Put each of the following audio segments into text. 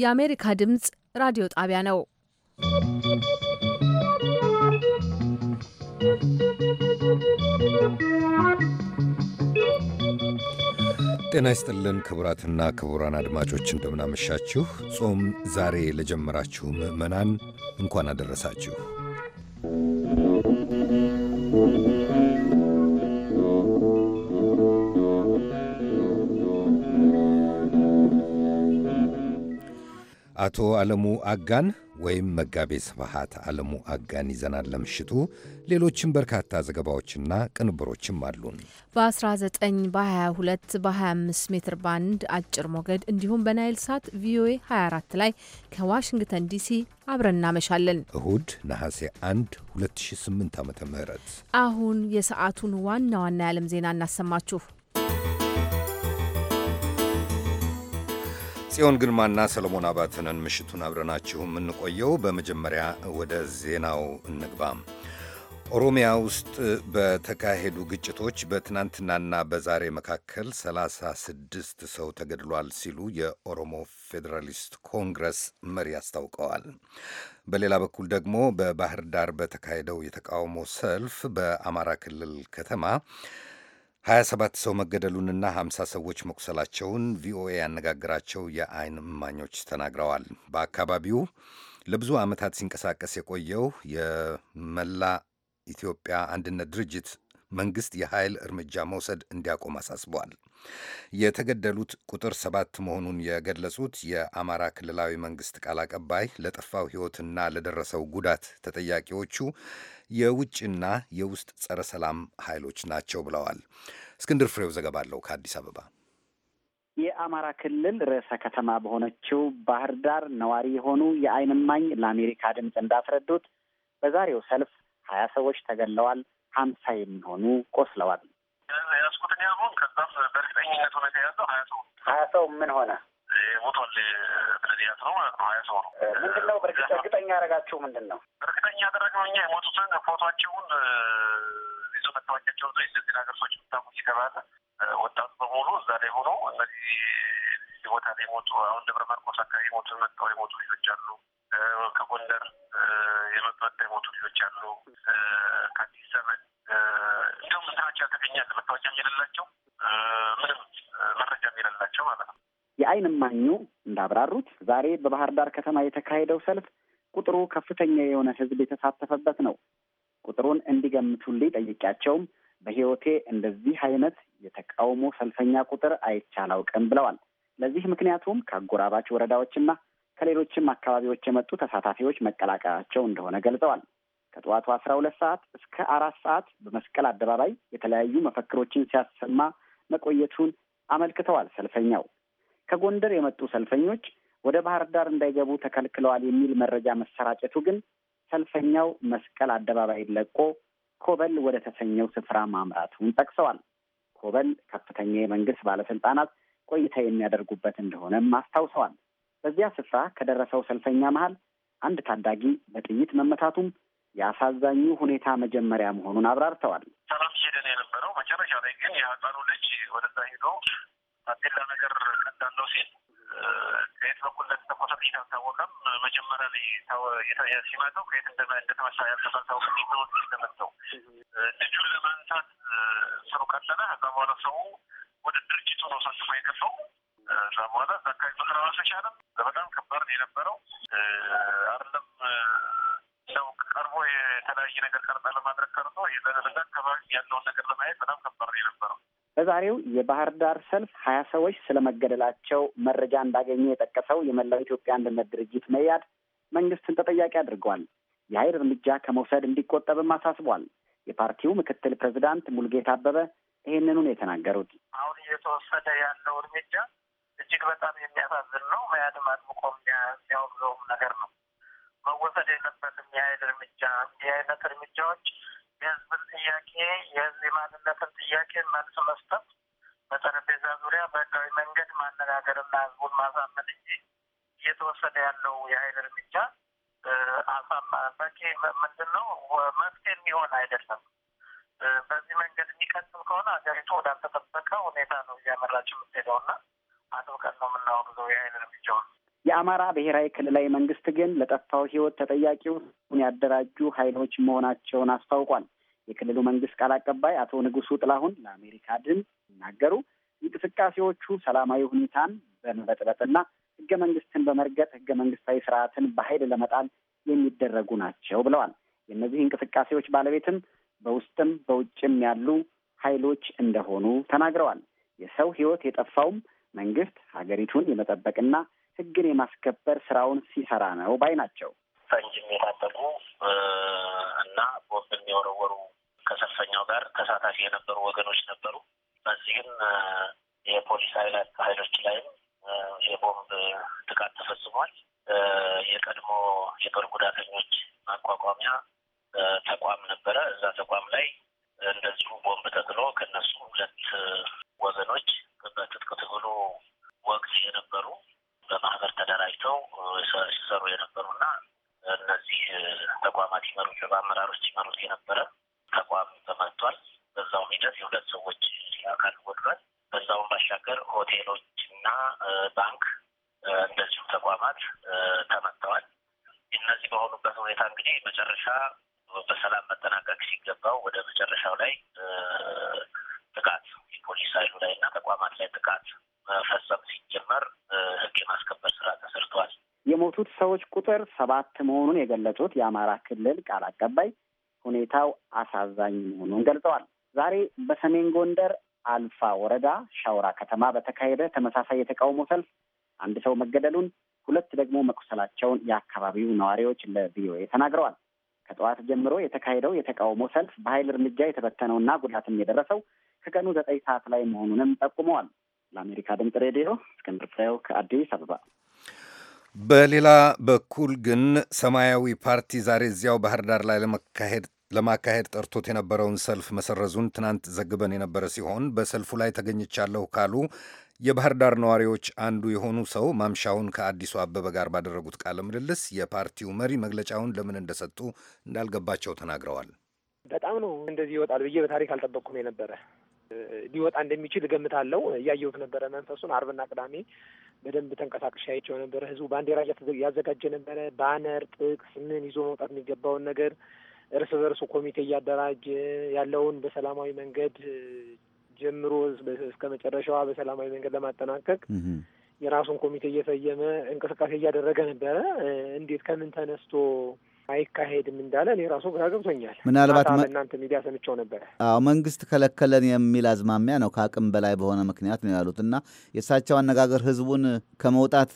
የአሜሪካ ድምፅ ራዲዮ ጣቢያ ነው። ጤና ይስጥልን ክቡራትና ክቡራን አድማጮች እንደምናመሻችሁ። ጾም ዛሬ ለጀመራችሁ ምዕመናን እንኳን አደረሳችሁ። አቶ ዓለሙ አጋን ወይም መጋቤ ስብሐት ዓለሙ አጋን ይዘናል ለምሽቱ። ሌሎችም በርካታ ዘገባዎችና ቅንብሮችም አሉን። በ19 በ22 በ25 ሜትር ባንድ አጭር ሞገድ እንዲሁም በናይል ሳት ቪኦኤ 24 ላይ ከዋሽንግተን ዲሲ አብረን እናመሻለን። እሁድ ነሐሴ 1 2008 ዓ ም አሁን የሰዓቱን ዋና ዋና የዓለም ዜና እናሰማችሁ። ጽዮን ግርማና ሰለሞን አባተንን ምሽቱን አብረናችሁ የምንቆየው። በመጀመሪያ ወደ ዜናው እንግባም። ኦሮሚያ ውስጥ በተካሄዱ ግጭቶች በትናንትናና በዛሬ መካከል 36 ሰው ተገድሏል ሲሉ የኦሮሞ ፌዴራሊስት ኮንግረስ መሪ አስታውቀዋል። በሌላ በኩል ደግሞ በባህር ዳር በተካሄደው የተቃውሞ ሰልፍ በአማራ ክልል ከተማ 27 ሰው መገደሉንና 50 ሰዎች መቁሰላቸውን ቪኦኤ ያነጋግራቸው የአይን እማኞች ተናግረዋል። በአካባቢው ለብዙ ዓመታት ሲንቀሳቀስ የቆየው የመላ ኢትዮጵያ አንድነት ድርጅት መንግሥት የኃይል እርምጃ መውሰድ እንዲያቆም አሳስበዋል። የተገደሉት ቁጥር ሰባት መሆኑን የገለጹት የአማራ ክልላዊ መንግስት ቃል አቀባይ ለጠፋው ሕይወትና ለደረሰው ጉዳት ተጠያቂዎቹ የውጭና የውስጥ ጸረ ሰላም ኃይሎች ናቸው ብለዋል። እስክንድር ፍሬው ዘገባ አለው ከአዲስ አበባ። የአማራ ክልል ርዕሰ ከተማ በሆነችው ባህር ዳር ነዋሪ የሆኑ የዓይን እማኝ ለአሜሪካ ድምፅ እንዳስረዱት በዛሬው ሰልፍ ሀያ ሰዎች ተገለዋል፣ ሀምሳ የሚሆኑ ቆስለዋል። ያስኩትን ያልሆን ከዛም በእርግጠኝነት ሆነ ተያዘ ሀያ ሰው ሀያ ሰው ምን ሆነ ሞቷል ብለን ያዝ ነው ማለት ነው። ሀያ ሰው ነው። ምንድን ነው እርግጠኛ ያደረጋችሁ ምንድን ነው እርግጠኛ ያደረግነው እኛ የሞቱትን ፎቶቸውን ይዞ መታወቂያቸውን ይዘ ዜና ገርሶች ምታቁ ሲገባለ ወጣቱ በሙሉ እዛ ላይ ሆኖ እነዚህ ቦታ ላይ ሞቱ አሁን ደብረ ማርቆስ አካባቢ ሞቱ መጥተው የሞቱ ልጆች አሉ ከጎንደር የመጡ የሞቱ ልጆች አሉ። ከአዲስ ዘመን እንዲሁም ስራቸው ያተገኛል መታወቂያ የሌላቸው ምንም መረጃ የሌላቸው ማለት ነው። የአይን እማኙ እንዳብራሩት ዛሬ በባህር ዳር ከተማ የተካሄደው ሰልፍ ቁጥሩ ከፍተኛ የሆነ ሕዝብ የተሳተፈበት ነው። ቁጥሩን እንዲገምቱልኝ ጠይቄያቸውም በሕይወቴ እንደዚህ አይነት የተቃውሞ ሰልፈኛ ቁጥር አይቻላውቅም ብለዋል። ለዚህ ምክንያቱም ከአጎራባች ወረዳዎችና ከሌሎችም አካባቢዎች የመጡ ተሳታፊዎች መቀላቀላቸው እንደሆነ ገልጸዋል። ከጠዋቱ አስራ ሁለት ሰዓት እስከ አራት ሰዓት በመስቀል አደባባይ የተለያዩ መፈክሮችን ሲያሰማ መቆየቱን አመልክተዋል። ሰልፈኛው ከጎንደር የመጡ ሰልፈኞች ወደ ባህር ዳር እንዳይገቡ ተከልክለዋል የሚል መረጃ መሰራጨቱ ግን ሰልፈኛው መስቀል አደባባይን ለቆ ኮበል ወደ ተሰኘው ስፍራ ማምራቱን ጠቅሰዋል። ኮበል ከፍተኛ የመንግስት ባለስልጣናት ቆይታ የሚያደርጉበት እንደሆነም አስታውሰዋል። በዚያ ስፍራ ከደረሰው ሰልፈኛ መሀል አንድ ታዳጊ በጥይት መመታቱም የአሳዛኙ ሁኔታ መጀመሪያ መሆኑን አብራርተዋል። ሰላም እየሄደ የነበረው። መጨረሻ ላይ ግን የህፃኑ ልጅ ወደዛ ሄዶ አቤላ ነገር እንዳለው ሲል ከየት በኩል እንደተተኮሰ ጥይት አልታወቀም። መጀመሪያ ላይ ሲመተው ከየት እንደተመሳ ያልተፈልታወቅ ከፊት ነው ልጁን ለማንሳት ስሩ ቀጠለ። ከዛ በኋላ ሰው ወደ ድርጅቱ ነው ሳስፋ የገባው እዛ በኋላ በአካባቢ መቅረብ አልተቻለም። በጣም ከባድ ነው የነበረው። አይደለም ሰው ቀርቦ የተለያየ ነገር ቀርጣ ለማድረግ ቀርቶ በዛ አካባቢ ያለውን ነገር ለማየት በጣም ከባድ ነው የነበረው። በዛሬው የባህር ዳር ሰልፍ ሀያ ሰዎች ስለመገደላቸው መረጃ እንዳገኘ የጠቀሰው የመላው ኢትዮጵያ አንድነት ድርጅት መያድ መንግስትን ተጠያቂ አድርገዋል። የኃይል እርምጃ ከመውሰድ እንዲቆጠብም አሳስቧል። የፓርቲው ምክትል ፕሬዚዳንት ሙልጌታ አበበ ይህንኑ ነው የተናገሩት። አሁን እየተወሰደ ያለው እርምጃ እጅግ በጣም የሚያሳዝን ነው። መያድም አጥብቆ የሚያወግዘውም ነገር ነው። መወሰድ የለበትም የኃይል እርምጃ። እንዲህ አይነት እርምጃዎች የህዝብን ጥያቄ የህዝብ የማንነትን ጥያቄ መልስ መስጠት በጠረጴዛ ዙሪያ በህጋዊ መንገድ ማነጋገርና ህዝቡን ማሳመን እንጂ እየተወሰደ ያለው የኃይል እርምጃ በቂ ምንድን ነው መፍትሄ የሚሆን አይደለም። በዚህ መንገድ የሚቀጥል ከሆነ ሀገሪቱ ወዳልተጠበቀ ሁኔታ ነው እያመራች የምትሄደውና አጥብቀን ነው የምናወግዘው የኃይል እርምጃውን። የአማራ ብሔራዊ ክልላዊ መንግስት ግን ለጠፋው ህይወት ተጠያቂው ያደራጁ ኃይሎች መሆናቸውን አስታውቋል። የክልሉ መንግስት ቃል አቀባይ አቶ ንጉሱ ጥላሁን ለአሜሪካ ድምፅ ሲናገሩ እንቅስቃሴዎቹ ሰላማዊ ሁኔታን በመበጥበጥና ህገ መንግስትን በመርገጥ ህገ መንግስታዊ ስርዓትን በኃይል ለመጣል የሚደረጉ ናቸው ብለዋል። የእነዚህ እንቅስቃሴዎች ባለቤትም በውስጥም በውጭም ያሉ ኃይሎች እንደሆኑ ተናግረዋል። የሰው ህይወት የጠፋውም መንግስት ሀገሪቱን የመጠበቅና ህግን የማስከበር ስራውን ሲሰራ ነው ባይ ናቸው። ፈንጅ የሚታጠቁ እና ቦምብ የሚወረወሩ ከሰልፈኛው ጋር ተሳታፊ የነበሩ ወገኖች ነበሩ። በዚህም የፖሊስ ኃይላት ኃይሎች ላይም የቦምብ ጥቃት ተፈጽሟል። የቀድሞ የበር ጉዳተኞች ማቋቋሚያ ተቋም ነበረ። ሰባት መሆኑን የገለጹት የአማራ ክልል ቃል አቀባይ ሁኔታው አሳዛኝ መሆኑን ገልጸዋል። ዛሬ በሰሜን ጎንደር አልፋ ወረዳ ሻውራ ከተማ በተካሄደ ተመሳሳይ የተቃውሞ ሰልፍ አንድ ሰው መገደሉን፣ ሁለት ደግሞ መቁሰላቸውን የአካባቢው ነዋሪዎች ለቪኦኤ ተናግረዋል። ከጠዋት ጀምሮ የተካሄደው የተቃውሞ ሰልፍ በኃይል እርምጃ የተበተነውና ጉዳትም የደረሰው ከቀኑ ዘጠኝ ሰዓት ላይ መሆኑንም ጠቁመዋል። ለአሜሪካ ድምጽ ሬዲዮ እስክንድር ፍሬው ከአዲስ አበባ በሌላ በኩል ግን ሰማያዊ ፓርቲ ዛሬ እዚያው ባህር ዳር ላይ ለመካሄድ ለማካሄድ ጠርቶት የነበረውን ሰልፍ መሰረዙን ትናንት ዘግበን የነበረ ሲሆን በሰልፉ ላይ ተገኝቻለሁ ካሉ የባህር ዳር ነዋሪዎች አንዱ የሆኑ ሰው ማምሻውን ከአዲሱ አበበ ጋር ባደረጉት ቃለ ምልልስ የፓርቲው መሪ መግለጫውን ለምን እንደሰጡ እንዳልገባቸው ተናግረዋል። በጣም ነው እንደዚህ ይወጣል ብዬ በታሪክ አልጠበቅኩም የነበረ ሊወጣ እንደሚችል እገምታለሁ። እያየሁት ነበረ መንፈሱን አርብና ቅዳሜ በደንብ ተንቀሳቅሼ አይቼው ነበረ። ህዝቡ ባንዲራ ያዘጋጀ ነበረ። ባነር፣ ጥቅስ ምን ይዞ መውጣት የሚገባውን ነገር እርስ በርሱ ኮሚቴ እያደራጀ ያለውን በሰላማዊ መንገድ ጀምሮ እስከ መጨረሻዋ በሰላማዊ መንገድ ለማጠናቀቅ የራሱን ኮሚቴ እየሰየመ እንቅስቃሴ እያደረገ ነበረ። እንዴት ከምን ተነስቶ አይካሄድም እንዳለ እኔ ራሱ ግራ ገብቶኛል። ምናልባት እናንተ ሚዲያ ሰምቼው ነበር። አዎ መንግስት ከለከለን የሚል አዝማሚያ ነው። ከአቅም በላይ በሆነ ምክንያት ነው ያሉት እና የእሳቸው አነጋገር ህዝቡን ከመውጣት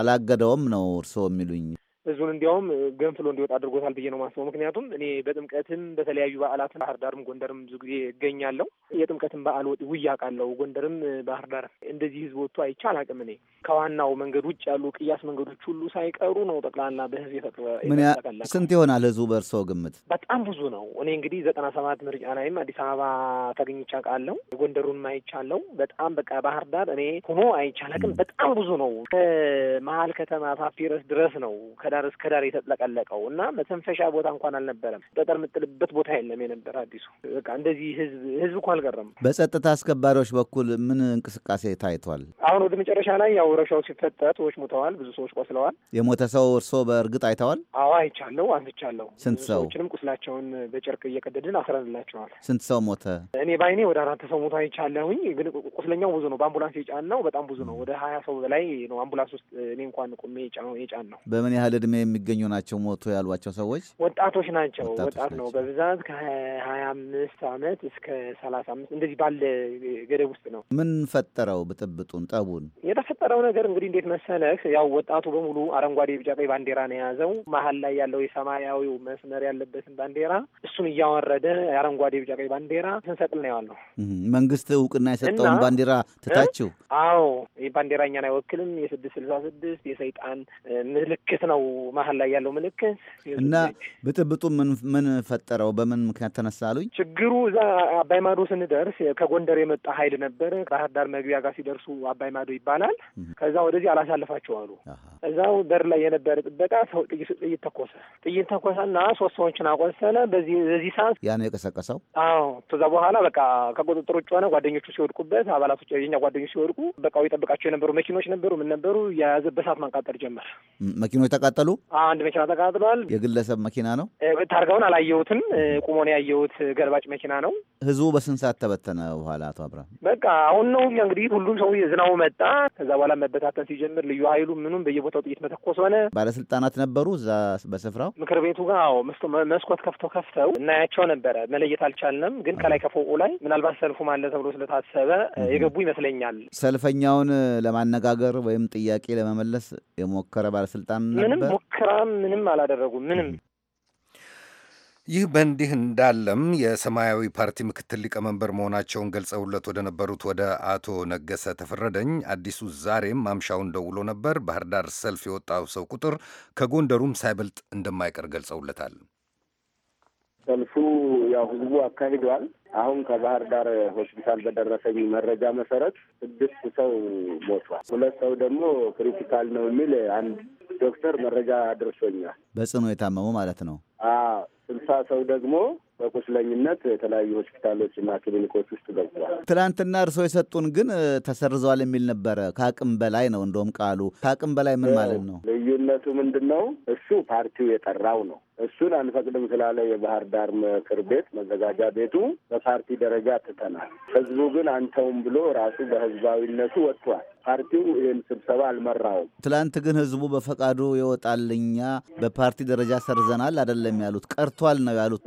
አላገደውም ነው እርስዎ የሚሉኝ? እዙን እንዲያውም ገንፍሎ እንዲወጣ አድርጎታል ብዬ ነው ማስበው። ምክንያቱም እኔ በጥምቀትም በተለያዩ በዓላትም ባህር ዳርም ጎንደርም ብዙ ጊዜ እገኛለሁ። የጥምቀትን በዓል ወጥ አውቃለሁ። ጎንደርም ባህር ዳር እንደዚህ ህዝብ ወጥቶ አይቼ አላውቅም። እኔ ከዋናው መንገድ ውጭ ያሉ ቅያስ መንገዶች ሁሉ ሳይቀሩ ነው ጠቅላላ በህዝብ የተጠቀላ። ስንት ይሆናል ህዝቡ በእርሶ ግምት? በጣም ብዙ ነው። እኔ እንግዲህ ዘጠና ሰባት ምርጫ ላይም አዲስ አበባ ተገኝቼ ቃለው ጎንደሩን አይቻለሁ። በጣም በቃ ባህር ዳር እኔ ሆኖ አይቼ በጣም ብዙ ነው። ከመሀል ከተማ ፓፒረስ ድረስ ነው ከዳ ከዳር እስከ ዳር የተጥለቀለቀው እና መተንፈሻ ቦታ እንኳን አልነበረም። ጠጠር የምጥልበት ቦታ የለም የነበረ አዲሱ በቃ እንደዚህ ህዝብ ህዝብ እኮ አልቀረም። በጸጥታ አስከባሪዎች በኩል ምን እንቅስቃሴ ታይቷል? አሁን ወደ መጨረሻ ላይ ያው ረሻው ሲፈጠር ሰዎች ሙተዋል፣ ብዙ ሰዎች ቆስለዋል። የሞተ ሰው እርስዎ በእርግጥ አይተዋል? አዎ አይቻለሁ፣ አንስቻለሁ። ስንት ሰው ቁስላቸውን በጨርቅ እየቀደድን አስረንላቸዋል። ስንት ሰው ሞተ? እኔ ባይኔ ወደ አራት ሰው ሞቶ አይቻለሁኝ፣ ግን ቁስለኛው ብዙ ነው። በአምቡላንስ የጫን ነው በጣም ብዙ ነው። ወደ ሀያ ሰው በላይ ነው አምቡላንስ ውስጥ እኔ እንኳን ቁሜ የጫን ነው። በምን ያህል እድሜ የሚገኙ ናቸው ሞቶ ያሏቸው ሰዎች ወጣቶች ናቸው። ወጣት ነው በብዛት ከሀያ አምስት አመት እስከ ሰላሳ አምስት እንደዚህ ባለ ገደብ ውስጥ ነው። ምን ፈጠረው ብጥብጡን ጠቡን? የተፈጠረው ነገር እንግዲህ እንዴት መሰለህ፣ ያው ወጣቱ በሙሉ አረንጓዴ፣ ቢጫ፣ ቀይ ባንዲራ ነው የያዘው። መሀል ላይ ያለው የሰማያዊው መስመር ያለበትን ባንዲራ እሱን እያወረደ አረንጓዴ፣ ቢጫ፣ ቀይ ባንዲራ ስንሰቅል ነው ያለው። መንግስት እውቅና የሰጠውን ባንዲራ ትታችሁ? አዎ ይህ ባንዲራ እኛን አይወክልም፣ የስድስት ስልሳ ስድስት የሰይጣን ምልክት ነው መሀል ላይ ያለው ምልክት እና ብጥብጡ ምን ምን ፈጠረው? በምን ምክንያት ተነሳ አሉኝ። ችግሩ እዛ አባይ ማዶ ስንደርስ ከጎንደር የመጣ ሀይል ነበረ። ባህር ዳር መግቢያ ጋር ሲደርሱ አባይ ማዶ ይባላል። ከዛ ወደዚህ አላሳልፋቸው አሉ። እዛው በር ላይ የነበረ ጥበቃ ሰው ጥይት ተኮሰ። ጥይት ተኮሰ ተኮሰና ሶስት ሰዎችን አቆሰለ። በዚህ በዚህ ሰዓት ያ ነው የቀሰቀሰው። አዎ ከዛ በኋላ በቃ ከቁጥጥር ውጭ ሆነ። ጓደኞቹ ሲወድቁበት አባላቶች የኛ ጓደኞች ሲወድቁ በቃው ይጠብቃቸው የነበሩ መኪኖች ነበሩ ምን ነበሩ የያዘ በሳት ማቃጠል ጀመር። መኪኖች ተቃጠሉ። ተቃጥሏሉ? አንድ መኪና ተቃጥሏል። የግለሰብ መኪና ነው። ታርጋውን አላየሁትም። ቁሞን ያየሁት። ገልባጭ መኪና ነው። ህዝቡ በስንት ሰዓት ተበተነ? በኋላ አቶ አብርሃም በቃ አሁን ነው እንግዲህ ሁሉም ሰው ዝናቡ መጣ። ከዛ በኋላ መበታተን ሲጀምር ልዩ ኃይሉ ምኑም በየቦታው ጥይት መተኮስ ሆነ። ባለስልጣናት ነበሩ እዛ በስፍራው ምክር ቤቱ ጋር መስኮት ከፍተው ከፍተው እናያቸው ነበረ። መለየት አልቻልንም፣ ግን ከላይ ከፎቁ ላይ ምናልባት ሰልፉ ማለ ተብሎ ስለታሰበ የገቡ ይመስለኛል። ሰልፈኛውን ለማነጋገር ወይም ጥያቄ ለመመለስ የሞከረ ባለስልጣን ምንም ሙከራም ምንም አላደረጉም። ምንም ይህ በእንዲህ እንዳለም የሰማያዊ ፓርቲ ምክትል ሊቀመንበር መሆናቸውን ገልጸውለት ወደ ነበሩት ወደ አቶ ነገሰ ተፈረደኝ አዲሱ ዛሬም ማምሻውን ደውሎ ነበር። ባህር ዳር ሰልፍ የወጣው ሰው ቁጥር ከጎንደሩም ሳይበልጥ እንደማይቀር ገልጸውለታል። ሰልፉ ያው ህዝቡ አካሂደዋል። አሁን ከባህር ዳር ሆስፒታል በደረሰኝ መረጃ መሰረት ስድስት ሰው ሞቷል። ሁለት ሰው ደግሞ ክሪቲካል ነው የሚል አንድ ዶክተር መረጃ አድርሶኛል። በጽኑ የታመሙ ማለት ነው። ስልሳ ሰው ደግሞ በቁስለኝነት የተለያዩ ሆስፒታሎች እና ክሊኒኮች ውስጥ ገብቷል። ትናንትና እርስዎ የሰጡን ግን ተሰርዘዋል የሚል ነበረ። ከአቅም በላይ ነው እንደውም ቃሉ። ከአቅም በላይ ምን ማለት ነው? ልዩነቱ ምንድን ነው? እሱ ፓርቲው የጠራው ነው። እሱን አንፈቅድም ስላለ የባህር ዳር ምክር ቤት መዘጋጃ ቤቱ በፓርቲ ደረጃ ትተናል። ህዝቡ ግን አንተውም ብሎ ራሱ በህዝባዊነቱ ወጥቷል። ፓርቲው ይህን ስብሰባ አልመራውም። ትላንት ግን ህዝቡ በፈቃዱ ይወጣልኛ በፓርቲ ደረጃ ሰርዘናል አይደለም ያሉት ቀርቷል ነው ያሉት።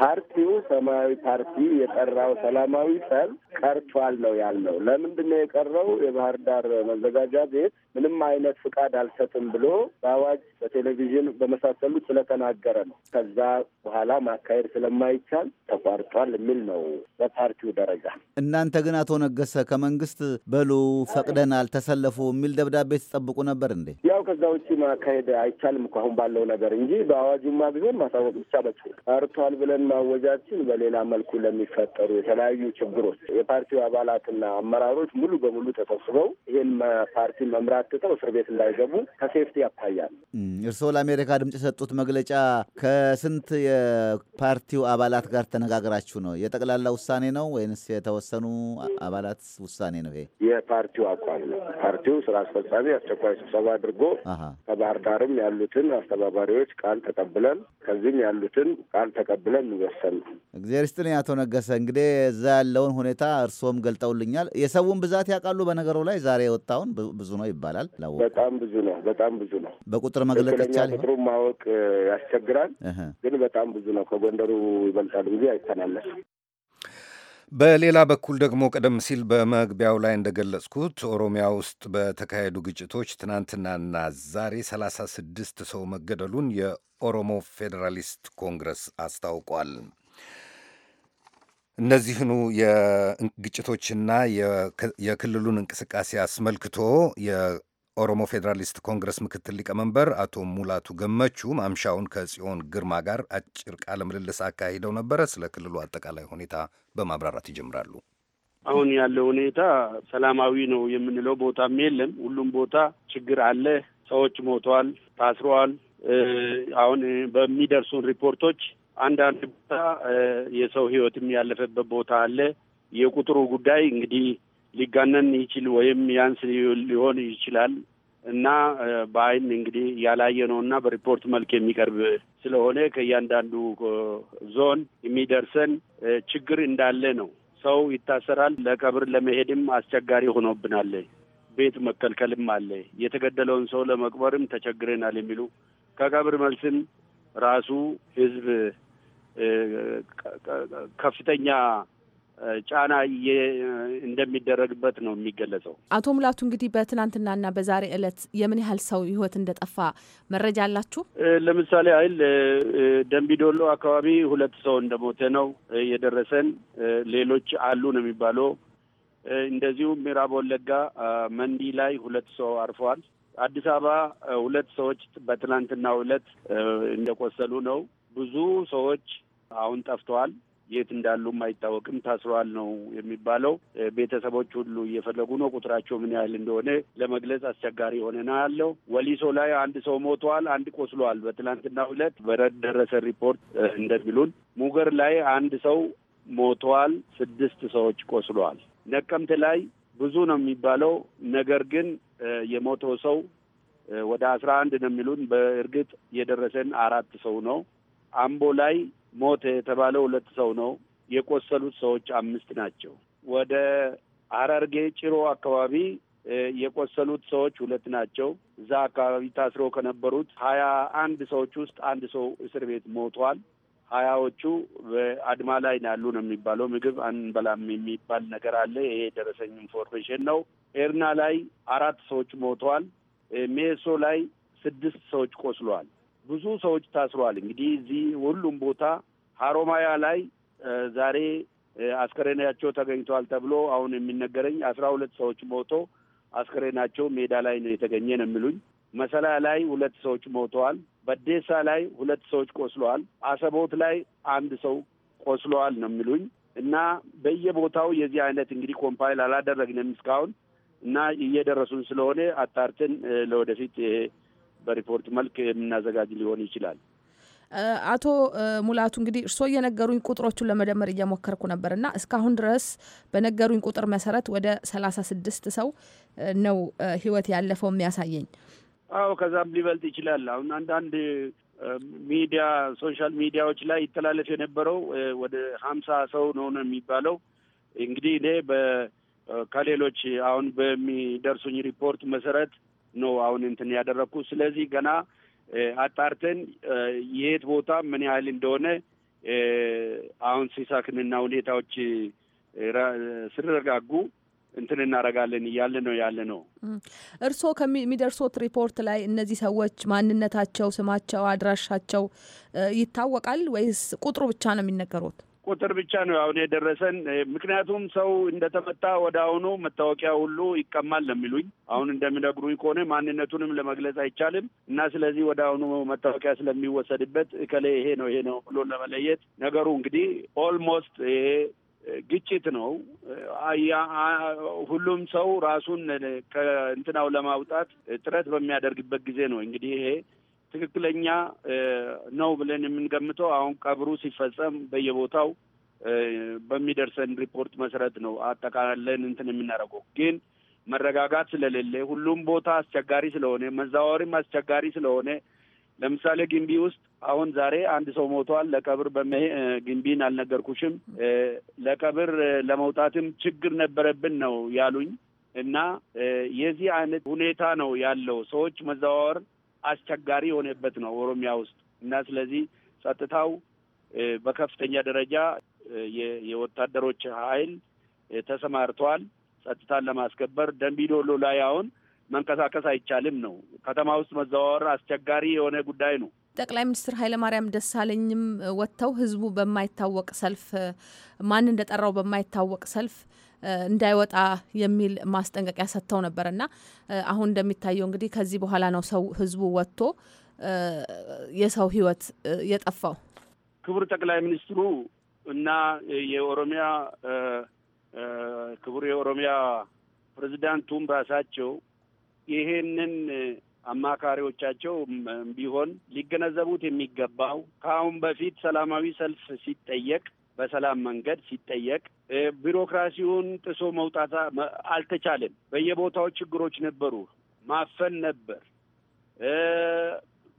ፓርቲው ሰማያዊ ፓርቲ የጠራው ሰላማዊ ሰልፍ ቀርቷል ነው ያልነው። ለምንድን ነው የቀረው? የባህር ዳር መዘጋጃ ቤት ምንም አይነት ፍቃድ አልሰጥም ብሎ በአዋጅ በቴሌቪዥን በመሳሰሉት ስለተናገረ ነው። ከዛ በኋላ ማካሄድ ስለማይቻል ተቋርጧል የሚል ነው በፓርቲው ደረጃ። እናንተ ግን አቶ ነገሰ ከመንግስት በሉ ፈቅደናል ተሰለፉ የሚል ደብዳቤ ትጠብቁ ነበር እንዴ? ያው ከዛ ውጭ ማካሄድ አይቻልም እኮ አሁን ባለው ነገር እንጂ በአዋጁማ ቢሆን ማሳወቅ ብቻ በቂ ቀርቷል ብለ ብለን ማወጃችን በሌላ መልኩ ለሚፈጠሩ የተለያዩ ችግሮች የፓርቲው አባላትና አመራሮች ሙሉ በሙሉ ተሰብስበው ይህን ፓርቲ መምራት ትተው እስር ቤት እንዳይገቡ ከሴፍቲ ያታያል። እርስዎ ለአሜሪካ ድምፅ የሰጡት መግለጫ ከስንት የፓርቲው አባላት ጋር ተነጋግራችሁ ነው? የጠቅላላ ውሳኔ ነው ወይንስ የተወሰኑ አባላት ውሳኔ ነው? ይሄ የፓርቲው አቋም ነው። ፓርቲው ስራ አስፈጻሚ አስቸኳይ ስብሰባ አድርጎ ከባህር ዳርም ያሉትን አስተባባሪዎች ቃል ተቀብለን ከዚህም ያሉትን ቃል ተቀብለን ይወሰን። እግዚአብሔር ይስጥልኝ አቶ ነገሰ። እንግዲህ እዛ ያለውን ሁኔታ እርስዎም ገልጠውልኛል። የሰውን ብዛት ያውቃሉ? በነገሩ ላይ ዛሬ የወጣውን ብዙ ነው ይባላል። በጣም ብዙ ነው፣ በጣም ብዙ ነው። በቁጥር መግለጽ ይቻል? ቁጥሩ ማወቅ ያስቸግራል፣ ግን በጣም ብዙ ነው። ከጎንደሩ ይበልጣል ጊዜ አይተናለፍም። በሌላ በኩል ደግሞ ቀደም ሲል በመግቢያው ላይ እንደገለጽኩት ኦሮሚያ ውስጥ በተካሄዱ ግጭቶች ትናንትናና ዛሬ 36 ሰው መገደሉን የኦሮሞ ፌዴራሊስት ኮንግረስ አስታውቋል። እነዚህኑ የግጭቶችና የክልሉን እንቅስቃሴ አስመልክቶ ኦሮሞ ፌዴራሊስት ኮንግረስ ምክትል ሊቀመንበር አቶ ሙላቱ ገመቹ ማምሻውን ከጽዮን ግርማ ጋር አጭር ቃለ ምልልስ አካሂደው ነበረ። ስለ ክልሉ አጠቃላይ ሁኔታ በማብራራት ይጀምራሉ። አሁን ያለው ሁኔታ ሰላማዊ ነው የምንለው ቦታም የለም። ሁሉም ቦታ ችግር አለ። ሰዎች ሞተዋል፣ ታስረዋል። አሁን በሚደርሱን ሪፖርቶች አንዳንድ ቦታ የሰው ህይወትም ያለፈበት ቦታ አለ። የቁጥሩ ጉዳይ እንግዲህ ሊጋነን ይችል ወይም ያንስ ሊሆን ይችላል እና በአይን እንግዲህ ያላየ ነው እና በሪፖርት መልክ የሚቀርብ ስለሆነ ከእያንዳንዱ ዞን የሚደርሰን ችግር እንዳለ ነው። ሰው ይታሰራል። ለቀብር ለመሄድም አስቸጋሪ ሆኖብናል። ቤት መከልከልም አለ። የተገደለውን ሰው ለመቅበርም ተቸግረናል የሚሉ ከቀብር መልስም ራሱ ህዝብ ከፍተኛ ጫና እንደሚደረግበት ነው የሚገለጸው። አቶ ሙላቱ እንግዲህ በትናንትናና በዛሬ ዕለት የምን ያህል ሰው ህይወት እንደጠፋ መረጃ አላችሁ? ለምሳሌ አይል ደንቢዶሎ አካባቢ ሁለት ሰው እንደሞተ ነው የደረሰን። ሌሎች አሉ ነው የሚባለው። እንደዚሁም ምዕራብ ወለጋ መንዲ ላይ ሁለት ሰው አርፈዋል። አዲስ አበባ ሁለት ሰዎች በትናንትናው ዕለት እንደቆሰሉ ነው። ብዙ ሰዎች አሁን ጠፍተዋል። የት እንዳሉም አይታወቅም። ታስረዋል ነው የሚባለው። ቤተሰቦች ሁሉ እየፈለጉ ነው። ቁጥራቸው ምን ያህል እንደሆነ ለመግለጽ አስቸጋሪ ነው ያለው ወሊሶ ላይ አንድ ሰው ሞተዋል፣ አንድ ቆስሏል። በትላንትና ሁለት በረድ ደረሰ ሪፖርት እንደሚሉን ሙገር ላይ አንድ ሰው ሞተዋል፣ ስድስት ሰዎች ቆስሏል። ነቀምት ላይ ብዙ ነው የሚባለው ነገር ግን የሞተው ሰው ወደ አስራ አንድ ነው የሚሉን። በእርግጥ የደረሰን አራት ሰው ነው። አምቦ ላይ ሞት የተባለው ሁለት ሰው ነው። የቆሰሉት ሰዎች አምስት ናቸው። ወደ ሐረርጌ ጭሮ አካባቢ የቆሰሉት ሰዎች ሁለት ናቸው። እዛ አካባቢ ታስረው ከነበሩት ሀያ አንድ ሰዎች ውስጥ አንድ ሰው እስር ቤት ሞቷል። ሀያዎቹ በአድማ ላይ ናሉ ነው የሚባለው። ምግብ አንበላም የሚባል ነገር አለ። ይሄ የደረሰኝ ኢንፎርሜሽን ነው። ኤርና ላይ አራት ሰዎች ሞተዋል። ሜሶ ላይ ስድስት ሰዎች ቆስሏል። ብዙ ሰዎች ታስሯዋል እንግዲህ እዚህ ሁሉም ቦታ ሀሮማያ ላይ ዛሬ አስከሬናቸው ተገኝቷል ተብሎ አሁን የሚነገረኝ አስራ ሁለት ሰዎች ሞቶ አስከሬናቸው ሜዳ ላይ ነው የተገኘ ነው የሚሉኝ። መሰላ ላይ ሁለት ሰዎች ሞተዋል። በዴሳ ላይ ሁለት ሰዎች ቆስለዋል። አሰቦት ላይ አንድ ሰው ቆስለዋል ነው የሚሉኝ እና በየቦታው የዚህ አይነት እንግዲህ ኮምፓይል አላደረግንም እስካሁን እና እየደረሱን ስለሆነ አጣርተን ለወደፊት በሪፖርት መልክ የምናዘጋጅ ሊሆን ይችላል። አቶ ሙላቱ እንግዲህ እርስዎ እየነገሩኝ ቁጥሮቹን ለመደመር እየሞከርኩ ነበር እና እስካሁን ድረስ በነገሩኝ ቁጥር መሰረት ወደ ሰላሳ ስድስት ሰው ነው ህይወት ያለፈው የሚያሳየኝ። አዎ ከዛም ሊበልጥ ይችላል። አሁን አንዳንድ ሚዲያ ሶሻል ሚዲያዎች ላይ ይተላለፍ የነበረው ወደ ሀምሳ ሰው ነው ነው የሚባለው። እንግዲህ እኔ ከሌሎች አሁን በሚደርሱኝ ሪፖርት መሰረት ነው አሁን እንትን ያደረግኩ። ስለዚህ ገና አጣርተን የት ቦታ ምን ያህል እንደሆነ አሁን ሲሳክንና ሁኔታዎች ስረጋጉ እንትን እናደርጋለን እያለ ነው ያለ ነው። እርስዎ ከሚደርሶት ሪፖርት ላይ እነዚህ ሰዎች ማንነታቸው፣ ስማቸው፣ አድራሻቸው ይታወቃል ወይስ ቁጥሩ ብቻ ነው የሚነገሩት? ቁጥር ብቻ ነው አሁን የደረሰን። ምክንያቱም ሰው እንደተመታ ወደ አሁኑ መታወቂያ ሁሉ ይቀማል ነው የሚሉኝ። አሁን እንደሚነግሩኝ ከሆነ ማንነቱንም ለመግለጽ አይቻልም እና ስለዚህ ወደ አሁኑ መታወቂያ ስለሚወሰድበት እከሌ ይሄ ነው ይሄ ነው ብሎ ለመለየት ነገሩ እንግዲህ ኦልሞስት ይሄ ግጭት ነው። ሁሉም ሰው ራሱን ከእንትናው ለማውጣት ጥረት በሚያደርግበት ጊዜ ነው እንግዲህ ይሄ ትክክለኛ ነው ብለን የምንገምተው አሁን ቀብሩ ሲፈጸም በየቦታው በሚደርሰን ሪፖርት መሰረት ነው አጠቃለን እንትን የምናደርገው። ግን መረጋጋት ስለሌለ ሁሉም ቦታ አስቸጋሪ ስለሆነ መዛወርም አስቸጋሪ ስለሆነ ለምሳሌ ግንቢ ውስጥ አሁን ዛሬ አንድ ሰው ሞቷል። ለቀብር በመሄ ግንቢን አልነገርኩሽም። ለቀብር ለመውጣትም ችግር ነበረብን ነው ያሉኝ። እና የዚህ አይነት ሁኔታ ነው ያለው። ሰዎች መዘዋወር አስቸጋሪ የሆነበት ነው ኦሮሚያ ውስጥ እና ስለዚህ ጸጥታው በከፍተኛ ደረጃ የወታደሮች ኃይል ተሰማርተዋል። ጸጥታን ለማስከበር ደንቢዶሎ ላይ አሁን መንቀሳቀስ አይቻልም ነው። ከተማ ውስጥ መዘዋወር አስቸጋሪ የሆነ ጉዳይ ነው። ጠቅላይ ሚኒስትር ኃይለማርያም ደሳለኝም ወጥተው ህዝቡ በማይታወቅ ሰልፍ ማን እንደጠራው በማይታወቅ ሰልፍ እንዳይወጣ የሚል ማስጠንቀቂያ ሰጥተው ነበር እና አሁን እንደሚታየው እንግዲህ ከዚህ በኋላ ነው ሰው ህዝቡ ወጥቶ የሰው ህይወት የጠፋው። ክቡር ጠቅላይ ሚኒስትሩ እና የኦሮሚያ ክቡር የኦሮሚያ ፕሬዚዳንቱም ራሳቸው ይሄንን አማካሪዎቻቸው ቢሆን ሊገነዘቡት የሚገባው ከአሁን በፊት ሰላማዊ ሰልፍ ሲጠየቅ በሰላም መንገድ ሲጠየቅ ቢሮክራሲውን ጥሶ መውጣት አልተቻለም። በየቦታው ችግሮች ነበሩ። ማፈን ነበር።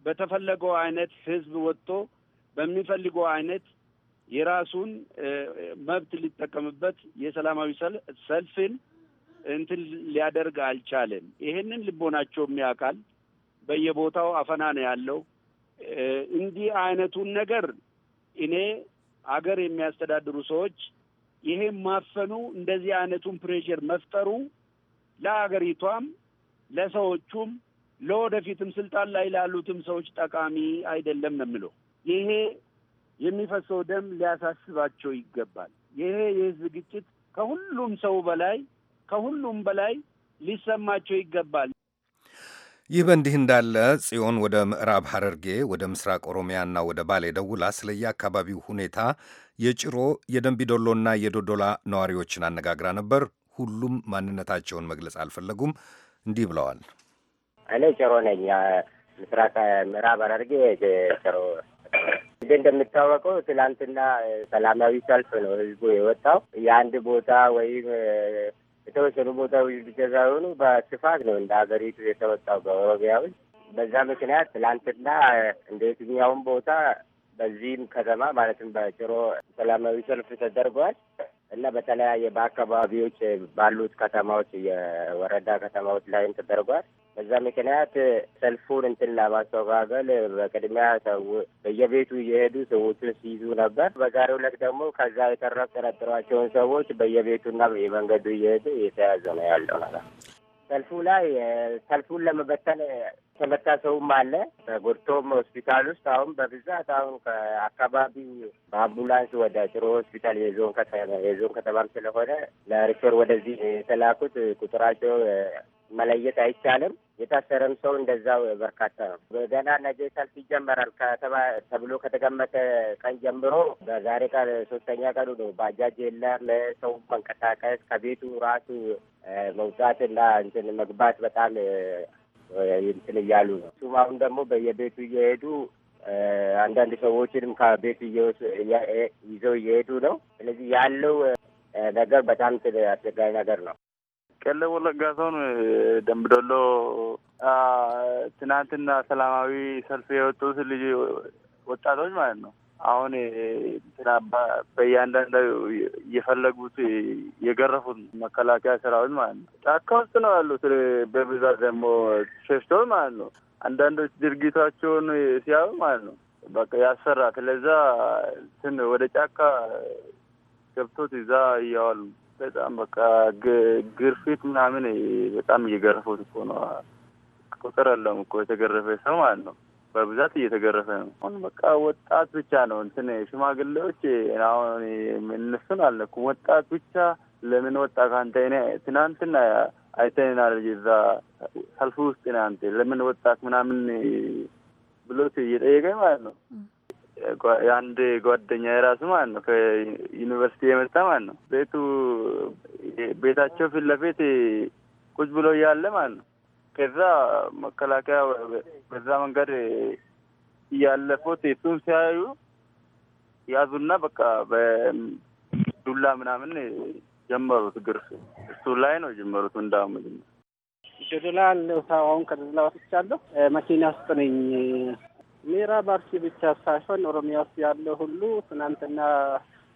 በተፈለገው አይነት ህዝብ ወጥቶ በሚፈልገው አይነት የራሱን መብት ሊጠቀምበት የሰላማዊ ሰልፍን እንትን ሊያደርግ አልቻለም። ይሄንን ልቦናቸው የሚያውቃል። በየቦታው አፈና ነው ያለው። እንዲህ አይነቱን ነገር እኔ አገር የሚያስተዳድሩ ሰዎች ይሄም ማፈኑ እንደዚህ አይነቱን ፕሬሽር መፍጠሩ ለአገሪቷም ለሰዎቹም ለወደፊትም ስልጣን ላይ ላሉትም ሰዎች ጠቃሚ አይደለም ነው የምለው። ይሄ የሚፈሰው ደም ሊያሳስባቸው ይገባል። ይሄ የህዝብ ግጭት ከሁሉም ሰው በላይ ከሁሉም በላይ ሊሰማቸው ይገባል። ይህ በእንዲህ እንዳለ ጽዮን ወደ ምዕራብ ሐረርጌ ወደ ምስራቅ ኦሮሚያና ወደ ባሌ ደውላ ስለ የአካባቢው ሁኔታ የጭሮ የደንቢዶሎና የዶዶላ ነዋሪዎችን አነጋግራ ነበር። ሁሉም ማንነታቸውን መግለጽ አልፈለጉም። እንዲህ ብለዋል። እኔ ጭሮ ነኝ። ምስራቅ ምዕራብ ሐረርጌ ጭሮ እንግዲህ እንደሚታወቀው ትላንትና ሰላማዊ ሰልፍ ነው ህዝቡ የወጣው የአንድ ቦታ ወይም የተወሰኑ ቦታዎች ብቻ ሳይሆኑ በስፋት ነው እንደ ሀገሪቱ የተወጣው በኦሮሚያ ውስጥ። በዛ ምክንያት ትላንትና እንደ የትኛውም ቦታ በዚህም ከተማ ማለትም በጭሮ ሰላማዊ ሰልፍ ተደርጓል እና በተለያየ በአካባቢዎች ባሉት ከተማዎች የወረዳ ከተማዎች ላይም ተደርጓል። በዛ ምክንያት ሰልፉን እንትን ለማስተጓገል በቅድሚያ ሰው በየቤቱ እየሄዱ ሰዎቹን ሲይዙ ነበር። በዛሬው ዕለት ደግሞ ከዛ የተረፍ ጠረጥሯቸውን ሰዎች በየቤቱና በየመንገዱ እየሄዱ እየተያዘ ነው ያለው ነገር ሰልፉ ላይ ሰልፉን ለመበተን የተመታ ሰውም አለ። በጎድቶም ሆስፒታል ውስጥ አሁን በብዛት አሁን ከአካባቢው በአምቡላንስ ወደ ጭሮ ሆስፒታል የዞን ከተማ የዞን ከተማም ስለሆነ ለሪፈር ወደዚህ የተላኩት ቁጥራቸው መለየት አይቻልም። የታሰረም ሰው እንደዛው በርካታ ነው። ገና ነገ ሰልፍ ይጀመራል ተብሎ ከተቀመጠ ቀን ጀምሮ በዛሬ ቀን ሶስተኛ ቀኑ ነው። ባጃጅ የለም። ሰው መንቀሳቀስ ከቤቱ ራሱ መውጣት እና እንትን መግባት በጣም እንትን እያሉ ነው። እሱም አሁን ደግሞ በየቤቱ እየሄዱ አንዳንድ ሰዎችንም ከቤቱ ይዘው እየሄዱ ነው። ስለዚህ ያለው ነገር በጣም አስቸጋሪ ነገር ነው። ቀለ ወለጋ ዞን ደምቢዶሎ ትናንትና ሰላማዊ ሰልፍ የወጡት ልጅ ወጣቶች ማለት ነው። አሁን በእያንዳንዱ እየፈለጉት የገረፉት መከላከያ ሰራዊት ማለት ነው። ጫካ ውስጥ ነው ያሉት በብዛት ደግሞ ሸሽቶች ማለት ነው። አንዳንዶች ድርጊታቸውን ሲያዩ ማለት ነው በቃ ያስፈራ። ስለዛ ወደ ጫካ ገብቶት እዛ እያዋሉ በጣም በቃ ግርፊት ምናምን በጣም እየገረፉት እኮ ነው። ቁጥር የለውም እኮ የተገረፈ ሰው ማለት ነው። በብዛት እየተገረፈ ነው። አሁን በቃ ወጣት ብቻ ነው እንትን ሽማግሌዎች አሁን እነሱን አልነኩም። ወጣት ብቻ ለምን ወጣ ከአንተ ትናንትና አይተንናል እዛ ሰልፍ ውስጥ ናንተ ለምን ወጣት ምናምን ብሎት እየጠየቀኝ ማለት ነው አንድ ጓደኛ የራሱ ማለት ነው ከዩኒቨርሲቲ የመጣ ማለት ነው ቤቱ ቤታቸው ፊት ለፊት ቁጭ ብሎ እያለ ማለት ነው ከዛ መከላከያ በዛ መንገድ እያለፉት እሱም ሲያዩ ያዙና በቃ በዱላ ምናምን ጀመሩት። ግርፍ እሱ ላይ ነው ጀመሩት። እንዳሁም እንዳውም ጀዶላ አሁን ከዱላ ወጥቻለሁ። መኪና ውስጥ ነኝ። ምዕራብ አርሲ ብቻ ሳይሆን ኦሮሚያ ውስጥ ያለ ሁሉ ትናንትና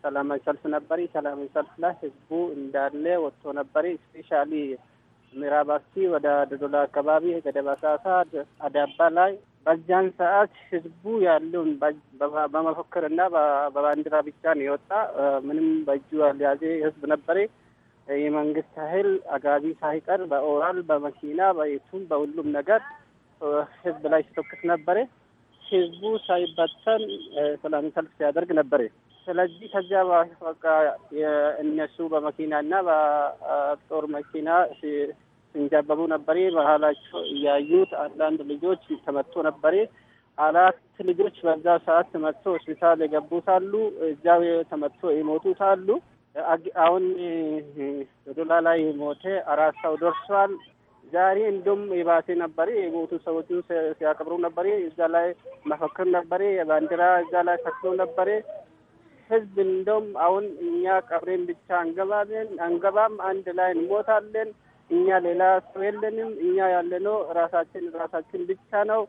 ሰላማዊ ሰልፍ ነበር። ሰላማዊ ሰልፍ ላይ ህዝቡ እንዳለ ወጥቶ ነበር። ስፔሻሊ ምዕራብ አርሲ ወደ ዶዶላ አካባቢ ገደባ ሳሳ፣ አዳባ ላይ በዚያን ሰዓት ህዝቡ ያለውን በመፈክር እና በባንዲራ ብቻ ነው የወጣ። ምንም በእጁ ያልያዘ ህዝብ ነበር። የመንግስት ኃይል አጋቢ ሳይቀር በኦራል በመኪና በየቱም በሁሉም ነገር ህዝብ ላይ ሲተኩስ ነበር። ህዝቡ ሳይበተን ሰላማዊ ሰልፍ ሲያደርግ ነበር። ስለዚህ ከዚያ በቃ በመኪና በመኪናና በጦር መኪና ሲንጃበቡ ነበር። ባህላቸው እያዩት አንዳንድ ልጆች ተመቶ ነበር። አራት ልጆች በዛ ሰዓት ተመቶ ሆስፒታል የገቡት አሉ፣ እዚያ ተመቶ የሞቱት አሉ። አሁን ዶዶላ ላይ ሞተ አራት ሰው ደርሷል። ዛሬ እንደም የባሴ ነበር። የሞቱ ሰዎችን ሲያቀብሩ ነበር። እዛ ላይ መፈክር ነበር። የባንዲራ እዛ ላይ ተክሎ ነበር። ህዝብ እንደም አሁን እኛ ቀብሬን ብቻ አንገባለን አንገባም፣ አንድ ላይ እንሞታለን። እኛ ሌላ ሰው የለንም። እኛ ያለነው ራሳችን ራሳችን ብቻ ነው።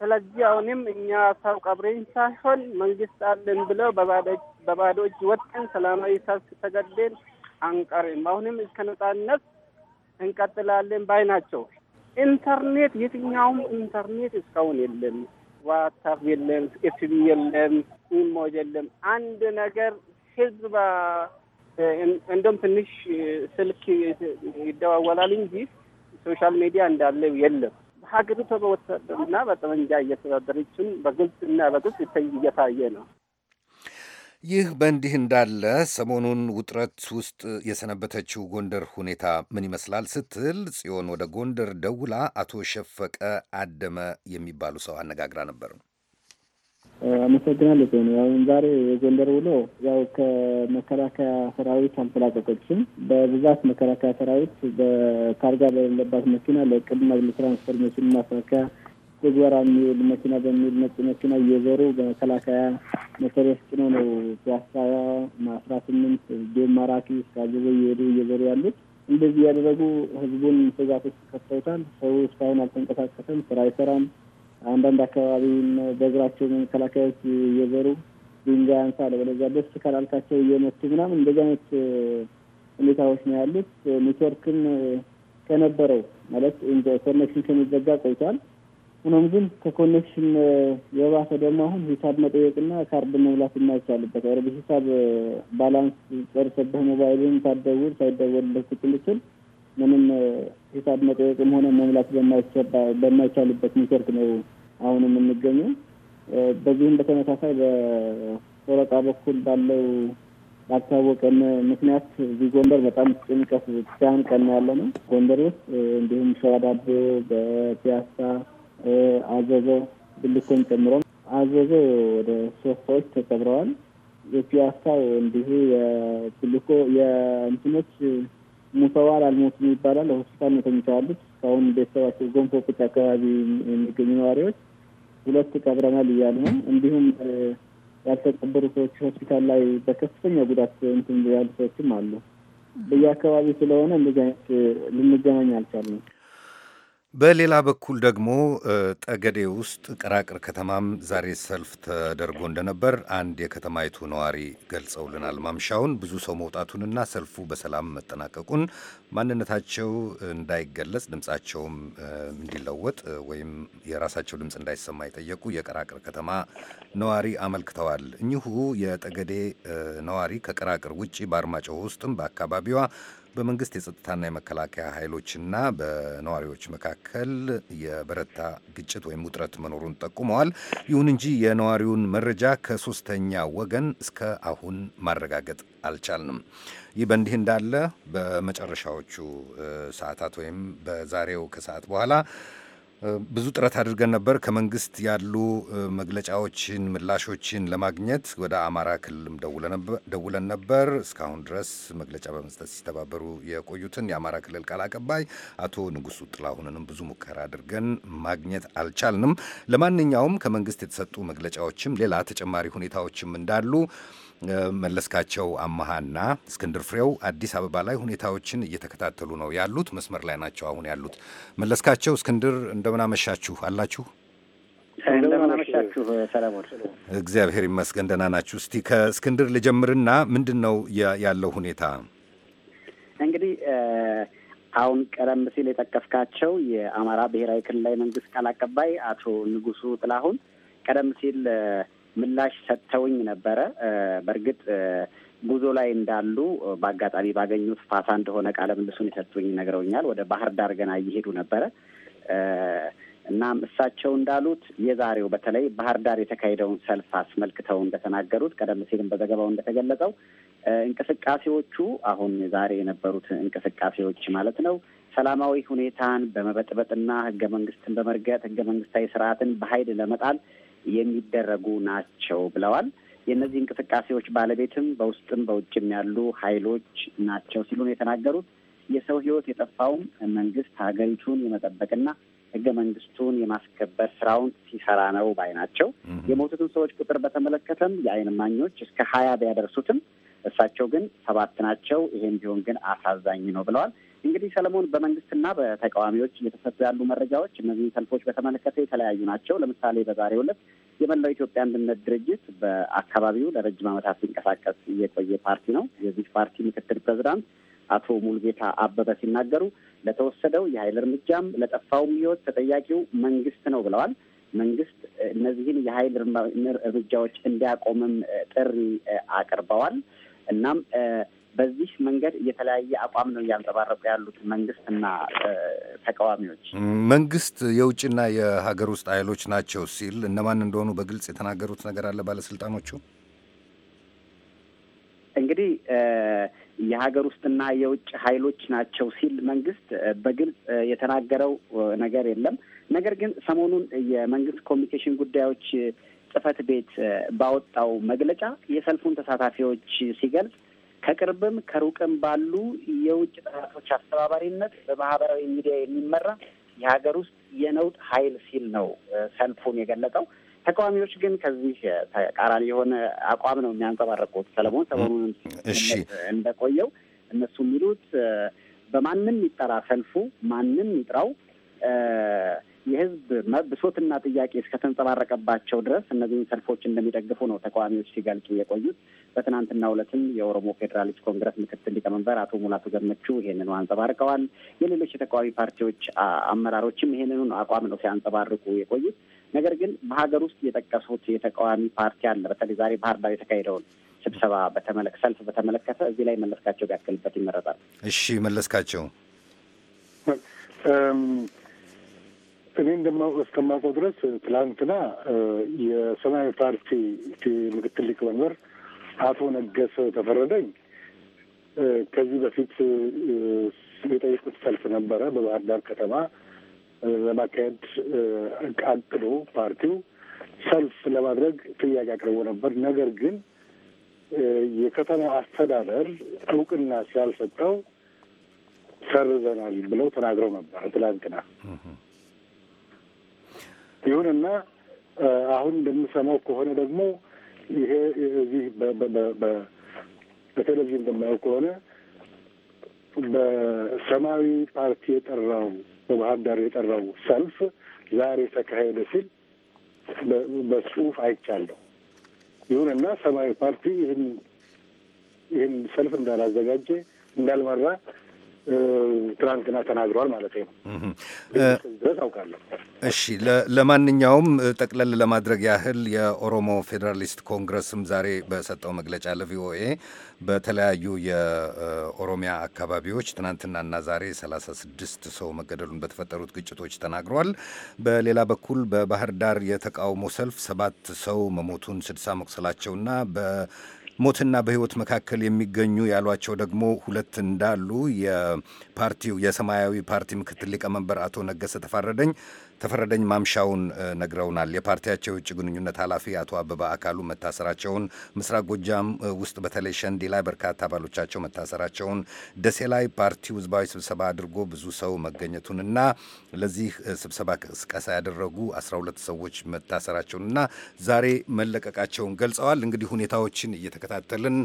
ስለዚህ አሁንም እኛ ሰው ቀብሬን ሳይሆን መንግስት አለን ብለው በባዶ እጅ ወጥተን ሰላማዊ ሰልፍ ተገደን አንቀርም። አሁንም እስከ ነጻነት እንቀጥላለን ባይ ናቸው። ኢንተርኔት የትኛውም ኢንተርኔት እስካሁን የለም። ዋትሳፕ የለም፣ ኤፍቢ የለም፣ ኢሞ የለም። አንድ ነገር ህዝብ እንደም ትንሽ ስልክ ይደዋወላል እንጂ ሶሻል ሚዲያ እንዳለ የለም። ሀገሪቱ በወታደርና በጠመንጃ እየተዳደረችን በግልጽ እና በግልጽ እየታየ ነው። ይህ በእንዲህ እንዳለ ሰሞኑን ውጥረት ውስጥ የሰነበተችው ጎንደር ሁኔታ ምን ይመስላል ስትል ጽዮን ወደ ጎንደር ደውላ አቶ ሸፈቀ አደመ የሚባሉ ሰው አነጋግራ ነበር። አመሰግናለሁ ሆነ አሁን ዛሬ የጎንደር ውሎ ያው ከመከላከያ ሰራዊት አልተላቀቀችም። በብዛት መከላከያ ሰራዊት በታርጋ በሌለባት መኪና ለቅድመ ትራንስፎርሜሽን ማስረከያ የጓራ የሚውል መኪና በሚል ነጭ መኪና እየዞሩ በመከላከያ ሞተሮች ጭኖ ነው ፒያሳ አስራ ስምንት ዴም ማራኪ እስካዘበ እየሄዱ እየዞሩ ያሉት። እንደዚህ ያደረጉ ህዝቡን ስጋት ውስጥ ከተውታል። ሰው እስካሁን አልተንቀሳቀሰም፣ ስራ አይሰራም። አንዳንድ አካባቢ በእግራቸው መከላከያዎች እየዞሩ ድንጋይ አንሳ አለበለዚያ ደስ ካላልካቸው እየመቱ ምናምን እንደዚህ አይነት ሁኔታዎች ነው ያሉት። ኔትወርክም ከነበረው ማለት ኮኔክሽን ከሚዘጋ ቆይቷል። ሆኖም ግን ከኮኔክሽን የባሰ ደግሞ አሁን ሂሳብ መጠየቅና ካርድ መብላት የማይቻልበት ረብ ሂሳብ ባላንስ ጨርሰብህ ሞባይልን ሳደውል ሳይደወልልህ ስትልችል ምንም ሂሳብ መጠየቅም ሆነ መሙላት በማይቻልበት ኔትወርክ ነው አሁን የምንገኙ። በዚህም በተመሳሳይ በወረቃ በኩል ባለው ባልታወቀን ምክንያት እዚህ ጎንደር በጣም ጭንቀት ሲያንቀን ያለ ነው። ጎንደር ውስጥ እንዲሁም ሸዋዳቦ በፒያሳ አዘዘ ብልኮን ጨምሮ አዘዘ ወደ ሶስት ሰዎች ተቀብረዋል። የፒያሳው እንዲሁ የብልኮ የእንትኖች ሙተዋል አልሞቱም ይባላል። ሆስፒታል ነው ተኝተዋሉት። እስካሁን ቤተሰባቸው ጎንፎ ቁጭ አካባቢ የሚገኙ ነዋሪዎች ሁለት ቀብረናል እያሉ ነው። እንዲሁም ያልተቀበሩ ሰዎች ሆስፒታል ላይ በከፍተኛ ጉዳት እንትን ያሉ ሰዎችም አሉ። በየአካባቢ ስለሆነ እንደዚህ አይነት ልንገናኝ አልቻልንም። በሌላ በኩል ደግሞ ጠገዴ ውስጥ ቀራቅር ከተማም ዛሬ ሰልፍ ተደርጎ እንደነበር አንድ የከተማይቱ ነዋሪ ገልጸውልናል። ማምሻውን ብዙ ሰው መውጣቱንና ሰልፉ በሰላም መጠናቀቁን ማንነታቸው እንዳይገለጽ ድምፃቸውም እንዲለወጥ ወይም የራሳቸው ድምፅ እንዳይሰማ የጠየቁ የቀራቅር ከተማ ነዋሪ አመልክተዋል። እኚሁ የጠገዴ ነዋሪ ከቀራቅር ውጭ በአርማጭሆ ውስጥም በአካባቢዋ በመንግስት የጸጥታና የመከላከያ ኃይሎችና በነዋሪዎች መካከል የበረታ ግጭት ወይም ውጥረት መኖሩን ጠቁመዋል። ይሁን እንጂ የነዋሪውን መረጃ ከሶስተኛ ወገን እስከ አሁን ማረጋገጥ አልቻልንም። ይህ በእንዲህ እንዳለ በመጨረሻዎቹ ሰዓታት ወይም በዛሬው ከሰዓት በኋላ ብዙ ጥረት አድርገን ነበር ከመንግስት ያሉ መግለጫዎችን፣ ምላሾችን ለማግኘት ወደ አማራ ክልልም ደውለን ነበር። እስካሁን ድረስ መግለጫ በመስጠት ሲተባበሩ የቆዩትን የአማራ ክልል ቃል አቀባይ አቶ ንጉሱ ጥላሁንንም ብዙ ሙከራ አድርገን ማግኘት አልቻልንም። ለማንኛውም ከመንግስት የተሰጡ መግለጫዎችም ሌላ ተጨማሪ ሁኔታዎችም እንዳሉ መለስካቸው አመሃና እስክንድር ፍሬው አዲስ አበባ ላይ ሁኔታዎችን እየተከታተሉ ነው ያሉት። መስመር ላይ ናቸው አሁን ያሉት። መለስካቸው፣ እስክንድር አመሻችሁ አላችሁ? እግዚአብሔር ይመስገን ደህና ናችሁ። እስቲ ከእስክንድር ልጀምርና ምንድን ነው ያለው ሁኔታ? እንግዲህ አሁን ቀደም ሲል የጠቀስካቸው የአማራ ብሔራዊ ክልላዊ መንግስት ቃል አቀባይ አቶ ንጉሱ ጥላሁን ቀደም ሲል ምላሽ ሰጥተውኝ ነበረ። በእርግጥ ጉዞ ላይ እንዳሉ በአጋጣሚ ባገኙት ፋታ እንደሆነ ቃለ ምልሱን የሰጡኝ ነግረውኛል። ወደ ባህር ዳር ገና እየሄዱ ነበረ። እናም እሳቸው እንዳሉት የዛሬው በተለይ ባህር ዳር የተካሄደውን ሰልፍ አስመልክተው እንደተናገሩት ቀደም ሲልም በዘገባው እንደተገለጸው እንቅስቃሴዎቹ አሁን ዛሬ የነበሩት እንቅስቃሴዎች ማለት ነው ሰላማዊ ሁኔታን በመበጥበጥና ህገ መንግስትን በመርገጥ ህገ መንግስታዊ ስርዓትን በኃይል ለመጣል የሚደረጉ ናቸው ብለዋል። የእነዚህ እንቅስቃሴዎች ባለቤትም በውስጥም በውጭም ያሉ ኃይሎች ናቸው ሲሉ ነው የተናገሩት። የሰው ሕይወት የጠፋውም መንግስት ሀገሪቱን የመጠበቅና ህገ መንግስቱን የማስከበር ስራውን ሲሰራ ነው ባይ ናቸው። የሞቱትን ሰዎች ቁጥር በተመለከተም የአይን እማኞች እስከ ሀያ ቢያደርሱትም እሳቸው ግን ሰባት ናቸው። ይሄም ቢሆን ግን አሳዛኝ ነው ብለዋል። እንግዲህ ሰለሞን በመንግስትና በተቃዋሚዎች እየተሰጡ ያሉ መረጃዎች እነዚህ ሰልፎች በተመለከተ የተለያዩ ናቸው። ለምሳሌ በዛሬው ዕለት የመላው ኢትዮጵያ አንድነት ድርጅት በአካባቢው ለረጅም ዓመታት ሲንቀሳቀስ የቆየ ፓርቲ ነው። የዚህ ፓርቲ ምክትል ፕሬዚዳንት አቶ ሙልጌታ አበበ ሲናገሩ ለተወሰደው የኃይል እርምጃም ለጠፋውም ሕይወት ተጠያቂው መንግስት ነው ብለዋል። መንግስት እነዚህን የኃይል እርምጃዎች እንዲያቆምም ጥሪ አቅርበዋል። እናም በዚህ መንገድ የተለያየ አቋም ነው እያንጸባረቁ ያሉት መንግስትና ተቃዋሚዎች። መንግስት የውጭና የሀገር ውስጥ ኃይሎች ናቸው ሲል እነማን እንደሆኑ በግልጽ የተናገሩት ነገር አለ ባለስልጣኖቹ። እንግዲህ የሀገር ውስጥና የውጭ ኃይሎች ናቸው ሲል መንግስት በግልጽ የተናገረው ነገር የለም። ነገር ግን ሰሞኑን የመንግስት ኮሚኒኬሽን ጉዳዮች ጽህፈት ቤት ባወጣው መግለጫ የሰልፉን ተሳታፊዎች ሲገልጽ ከቅርብም ከሩቅም ባሉ የውጭ ጠላቶች አስተባባሪነት በማህበራዊ ሚዲያ የሚመራ የሀገር ውስጥ የነውጥ ኃይል ሲል ነው ሰልፉን የገለጠው። ተቃዋሚዎች ግን ከዚህ ተቃራኒ የሆነ አቋም ነው የሚያንጸባረቁት። ሰለሞን ሰሞኑን እንደቆየው እነሱ የሚሉት በማንም ይጠራ ሰልፉ ማንም ይጥራው የህዝብ ብሶትና ጥያቄ እስከተንጸባረቀባቸው ድረስ እነዚህን ሰልፎች እንደሚደግፉ ነው ተቃዋሚዎች ሲገልጡ የቆዩት። በትናንትናው ዕለትም የኦሮሞ ፌዴራሊስት ኮንግረስ ምክትል ሊቀመንበር አቶ ሙላቱ ገመቹ ይህንኑ አንጸባርቀዋል። የሌሎች የተቃዋሚ ፓርቲዎች አመራሮችም ይሄንኑ አቋም ነው ሲያንጸባርቁ የቆዩት። ነገር ግን በሀገር ውስጥ የጠቀሱት የተቃዋሚ ፓርቲ አለ። በተለይ ዛሬ ባህር ዳር የተካሄደውን ስብሰባ በተመለክ ሰልፍ በተመለከተ እዚህ ላይ መለስካቸው ቢያክልበት ይመረጣል። እሺ መለስካቸው እኔ እስከማውቀው ድረስ ትላንትና የሰማያዊ ፓርቲ ምክትል ሊቀመንበር አቶ ነገሰ ተፈረደኝ ከዚህ በፊት የጠየቁት ሰልፍ ነበረ በባህር ዳር ከተማ ለማካሄድ አቅዶ ፓርቲው ሰልፍ ለማድረግ ጥያቄ አቅርቦ ነበር። ነገር ግን የከተማ አስተዳደር እውቅና ስላልሰጠው ሰርዘናል ብለው ተናግረው ነበር ትላንትና። ይሁንና አሁን እንደምሰማው ከሆነ ደግሞ ይሄ እዚህ በቴሌቪዥን እንደማየው ከሆነ በሰማያዊ ፓርቲ የጠራው በባህር ዳር የጠራው ሰልፍ ዛሬ ተካሄደ ሲል በጽሁፍ አይቻለሁ። ይሁንና ሰማያዊ ፓርቲ ይህን ይህን ሰልፍ እንዳላዘጋጀ እንዳልመራ ትናንትና ተናግሯል ማለት ነው። ድረስ አውቃለሁ። እሺ፣ ለማንኛውም ጠቅለል ለማድረግ ያህል የኦሮሞ ፌዴራሊስት ኮንግረስም ዛሬ በሰጠው መግለጫ ለቪኦኤ በተለያዩ የኦሮሚያ አካባቢዎች ትናንትናና ዛሬ 36 ሰው መገደሉን በተፈጠሩት ግጭቶች ተናግሯል። በሌላ በኩል በባህር ዳር የተቃውሞ ሰልፍ ሰባት ሰው መሞቱን፣ ስድሳ መቁሰላቸውና በ ሞትና በህይወት መካከል የሚገኙ ያሏቸው ደግሞ ሁለት እንዳሉ የፓርቲው የሰማያዊ ፓርቲ ምክትል ሊቀመንበር አቶ ነገሰ ተፋረደኝ ተፈረደኝ ማምሻውን ነግረውናል። የፓርቲያቸው የውጭ ግንኙነት ኃላፊ አቶ አበባ አካሉ መታሰራቸውን፣ ምስራቅ ጎጃም ውስጥ በተለይ ሸንዲ ላይ በርካታ አባሎቻቸው መታሰራቸውን፣ ደሴ ላይ ፓርቲው ህዝባዊ ስብሰባ አድርጎ ብዙ ሰው መገኘቱንና ለዚህ ስብሰባ ቅስቀሳ ያደረጉ 12 ሰዎች መታሰራቸውንና ዛሬ መለቀቃቸውን ገልጸዋል። እንግዲህ ሁኔታዎችን እየተከታተልን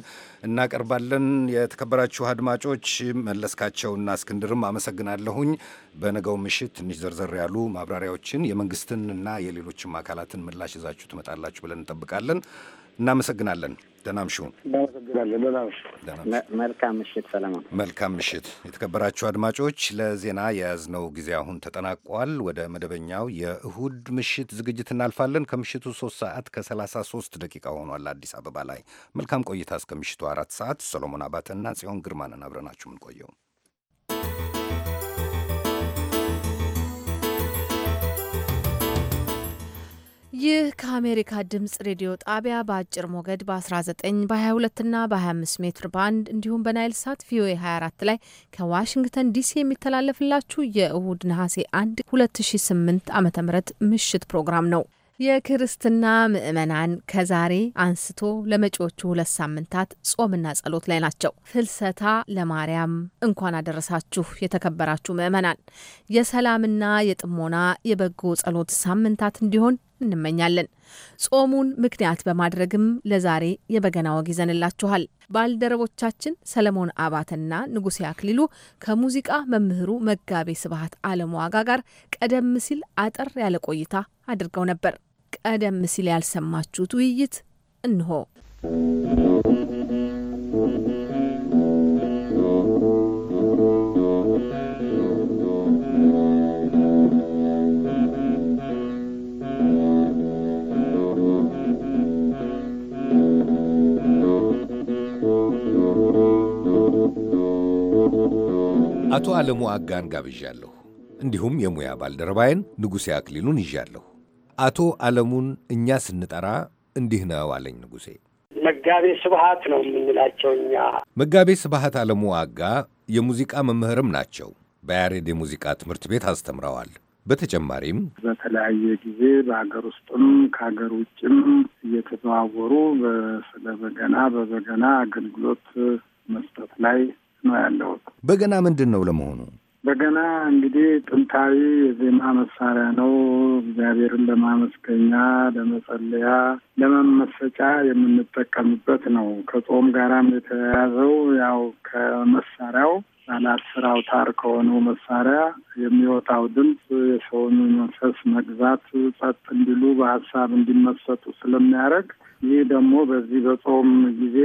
እናቀርባለን። የተከበራችሁ አድማጮች መለስካቸውና እስክንድርም አመሰግናለሁኝ። በነገው ምሽት ትንሽ ዘርዘር ያሉ ማብራሪያ ማብራሪያዎችን የመንግስትንና የሌሎችም አካላትን ምላሽ ይዛችሁ ትመጣላችሁ ብለን እንጠብቃለን። እናመሰግናለን። ደናም ምሹ። መልካም ምሽት ሰለሞን። መልካም ምሽት የተከበራችሁ አድማጮች፣ ለዜና የያዝነው ጊዜ አሁን ተጠናቋል። ወደ መደበኛው የእሁድ ምሽት ዝግጅት እናልፋለን። ከምሽቱ ሶስት ሰዓት ከሰላሳ ሶስት ደቂቃ ሆኗል አዲስ አበባ ላይ። መልካም ቆይታ እስከ ምሽቱ አራት ሰዓት። ሰሎሞን አባተና ጽዮን ግርማንን አብረናችሁ ምንቆየው ይህ ከአሜሪካ ድምጽ ሬዲዮ ጣቢያ በአጭር ሞገድ በ19 በ22ና በ25 ሜትር ባንድ እንዲሁም በናይል ሳት ቪኦኤ 24 ላይ ከዋሽንግተን ዲሲ የሚተላለፍላችሁ የእሁድ ነሐሴ 1 2008 ዓ ም ምሽት ፕሮግራም ነው። የክርስትና ምዕመናን ከዛሬ አንስቶ ለመጪዎቹ ሁለት ሳምንታት ጾምና ጸሎት ላይ ናቸው። ፍልሰታ ለማርያም እንኳን አደረሳችሁ። የተከበራችሁ ምዕመናን የሰላምና የጥሞና የበጎ ጸሎት ሳምንታት እንዲሆን እንመኛለን። ጾሙን ምክንያት በማድረግም ለዛሬ የበገና ወግ ይዘንላችኋል። ባልደረቦቻችን ሰለሞን አባተና ንጉሴ አክሊሉ ከሙዚቃ መምህሩ መጋቤ ስብሐት አለም ዋጋ ጋር ቀደም ሲል አጠር ያለ ቆይታ አድርገው ነበር። ቀደም ሲል ያልሰማችሁት ውይይት እንሆ። አቶ ዓለሙ አጋን ጋብዣለሁ። እንዲሁም የሙያ ባልደረባዬን ንጉሴ አክሊሉን ይዣለሁ። አቶ ዓለሙን እኛ ስንጠራ እንዲህ ነው አለኝ ንጉሴ። መጋቤ ስብሐት ነው የምንላቸው እኛ። መጋቤ ስብሐት አለሙ አጋ የሙዚቃ መምህርም ናቸው። በያሬድ የሙዚቃ ትምህርት ቤት አስተምረዋል። በተጨማሪም በተለያየ ጊዜ በሀገር ውስጥም ከሀገር ውጭም እየተዘዋወሩ ስለ በገና በበገና አገልግሎት መስጠት ላይ ነው ያለሁት። በገና ምንድን ነው ለመሆኑ? በገና እንግዲህ ጥንታዊ የዜማ መሳሪያ ነው። እግዚአብሔርን ለማመስገኛ፣ ለመጸለያ፣ ለመመሰጫ የምንጠቀምበት ነው። ከጾም ጋራም የተያያዘው ያው ከመሳሪያው ቃላት ስራ አውታር ከሆነው መሳሪያ የሚወጣው ድምፅ የሰውን መንፈስ መግዛት፣ ጸጥ እንዲሉ በሀሳብ እንዲመሰጡ ስለሚያደርግ ይህ ደግሞ በዚህ በጾም ጊዜ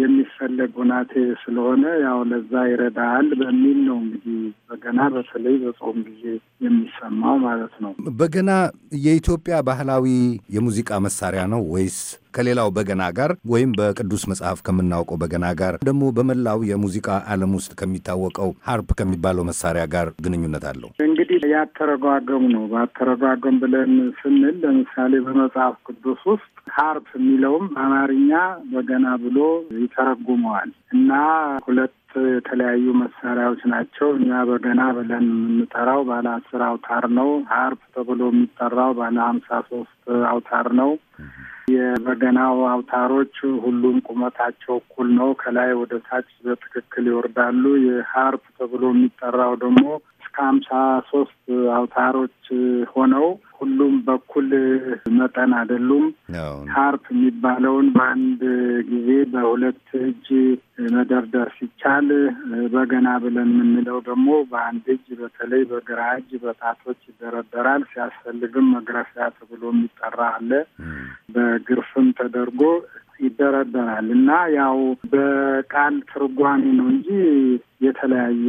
የሚፈለግ ሁናቴ ስለሆነ ያው ለዛ ይረዳል በሚል ነው እንግዲህ በገና በተለይ በጾም ጊዜ የሚሰማው ማለት ነው። በገና የኢትዮጵያ ባህላዊ የሙዚቃ መሳሪያ ነው ወይስ ከሌላው በገና ጋር ወይም በቅዱስ መጽሐፍ ከምናውቀው በገና ጋር ደግሞ በመላው የሙዚቃ ዓለም ውስጥ ከሚታወቀው ሀርፕ ከሚባለው መሳሪያ ጋር ግንኙነት አለው። እንግዲህ ያተረጓገሙ ነው። ባተረጓገም ብለን ስንል ለምሳሌ በመጽሐፍ ቅዱስ ውስጥ ሀርፕ የሚለውም አማርኛ በገና ብሎ ይተረጉመዋል እና ሁለት የተለያዩ መሳሪያዎች ናቸው። እኛ በገና ብለን የምንጠራው ባለ አስር አውታር ነው። ሀርፕ ተብሎ የሚጠራው ባለ ሀምሳ ሶስት አውታር ነው። የበገናው አውታሮች ሁሉም ቁመታቸው እኩል ነው። ከላይ ወደ ታች በትክክል ይወርዳሉ። የሀርፕ ተብሎ የሚጠራው ደግሞ እስከ ሀምሳ ሶስት አውታሮች ሆነው ሁሉም በኩል መጠን አይደሉም። ሀርፕ የሚባለውን በአንድ ጊዜ በሁለት እጅ መደርደር ሲቻል፣ በገና ብለን የምንለው ደግሞ በአንድ እጅ በተለይ በግራ እጅ በጣቶች ይደረደራል። ሲያስፈልግም መግረፊያ ተብሎ የሚጠራ አለ። በግርፍም ተደርጎ ይደረደራል እና ያው በቃል ትርጓሜ ነው እንጂ የተለያዩ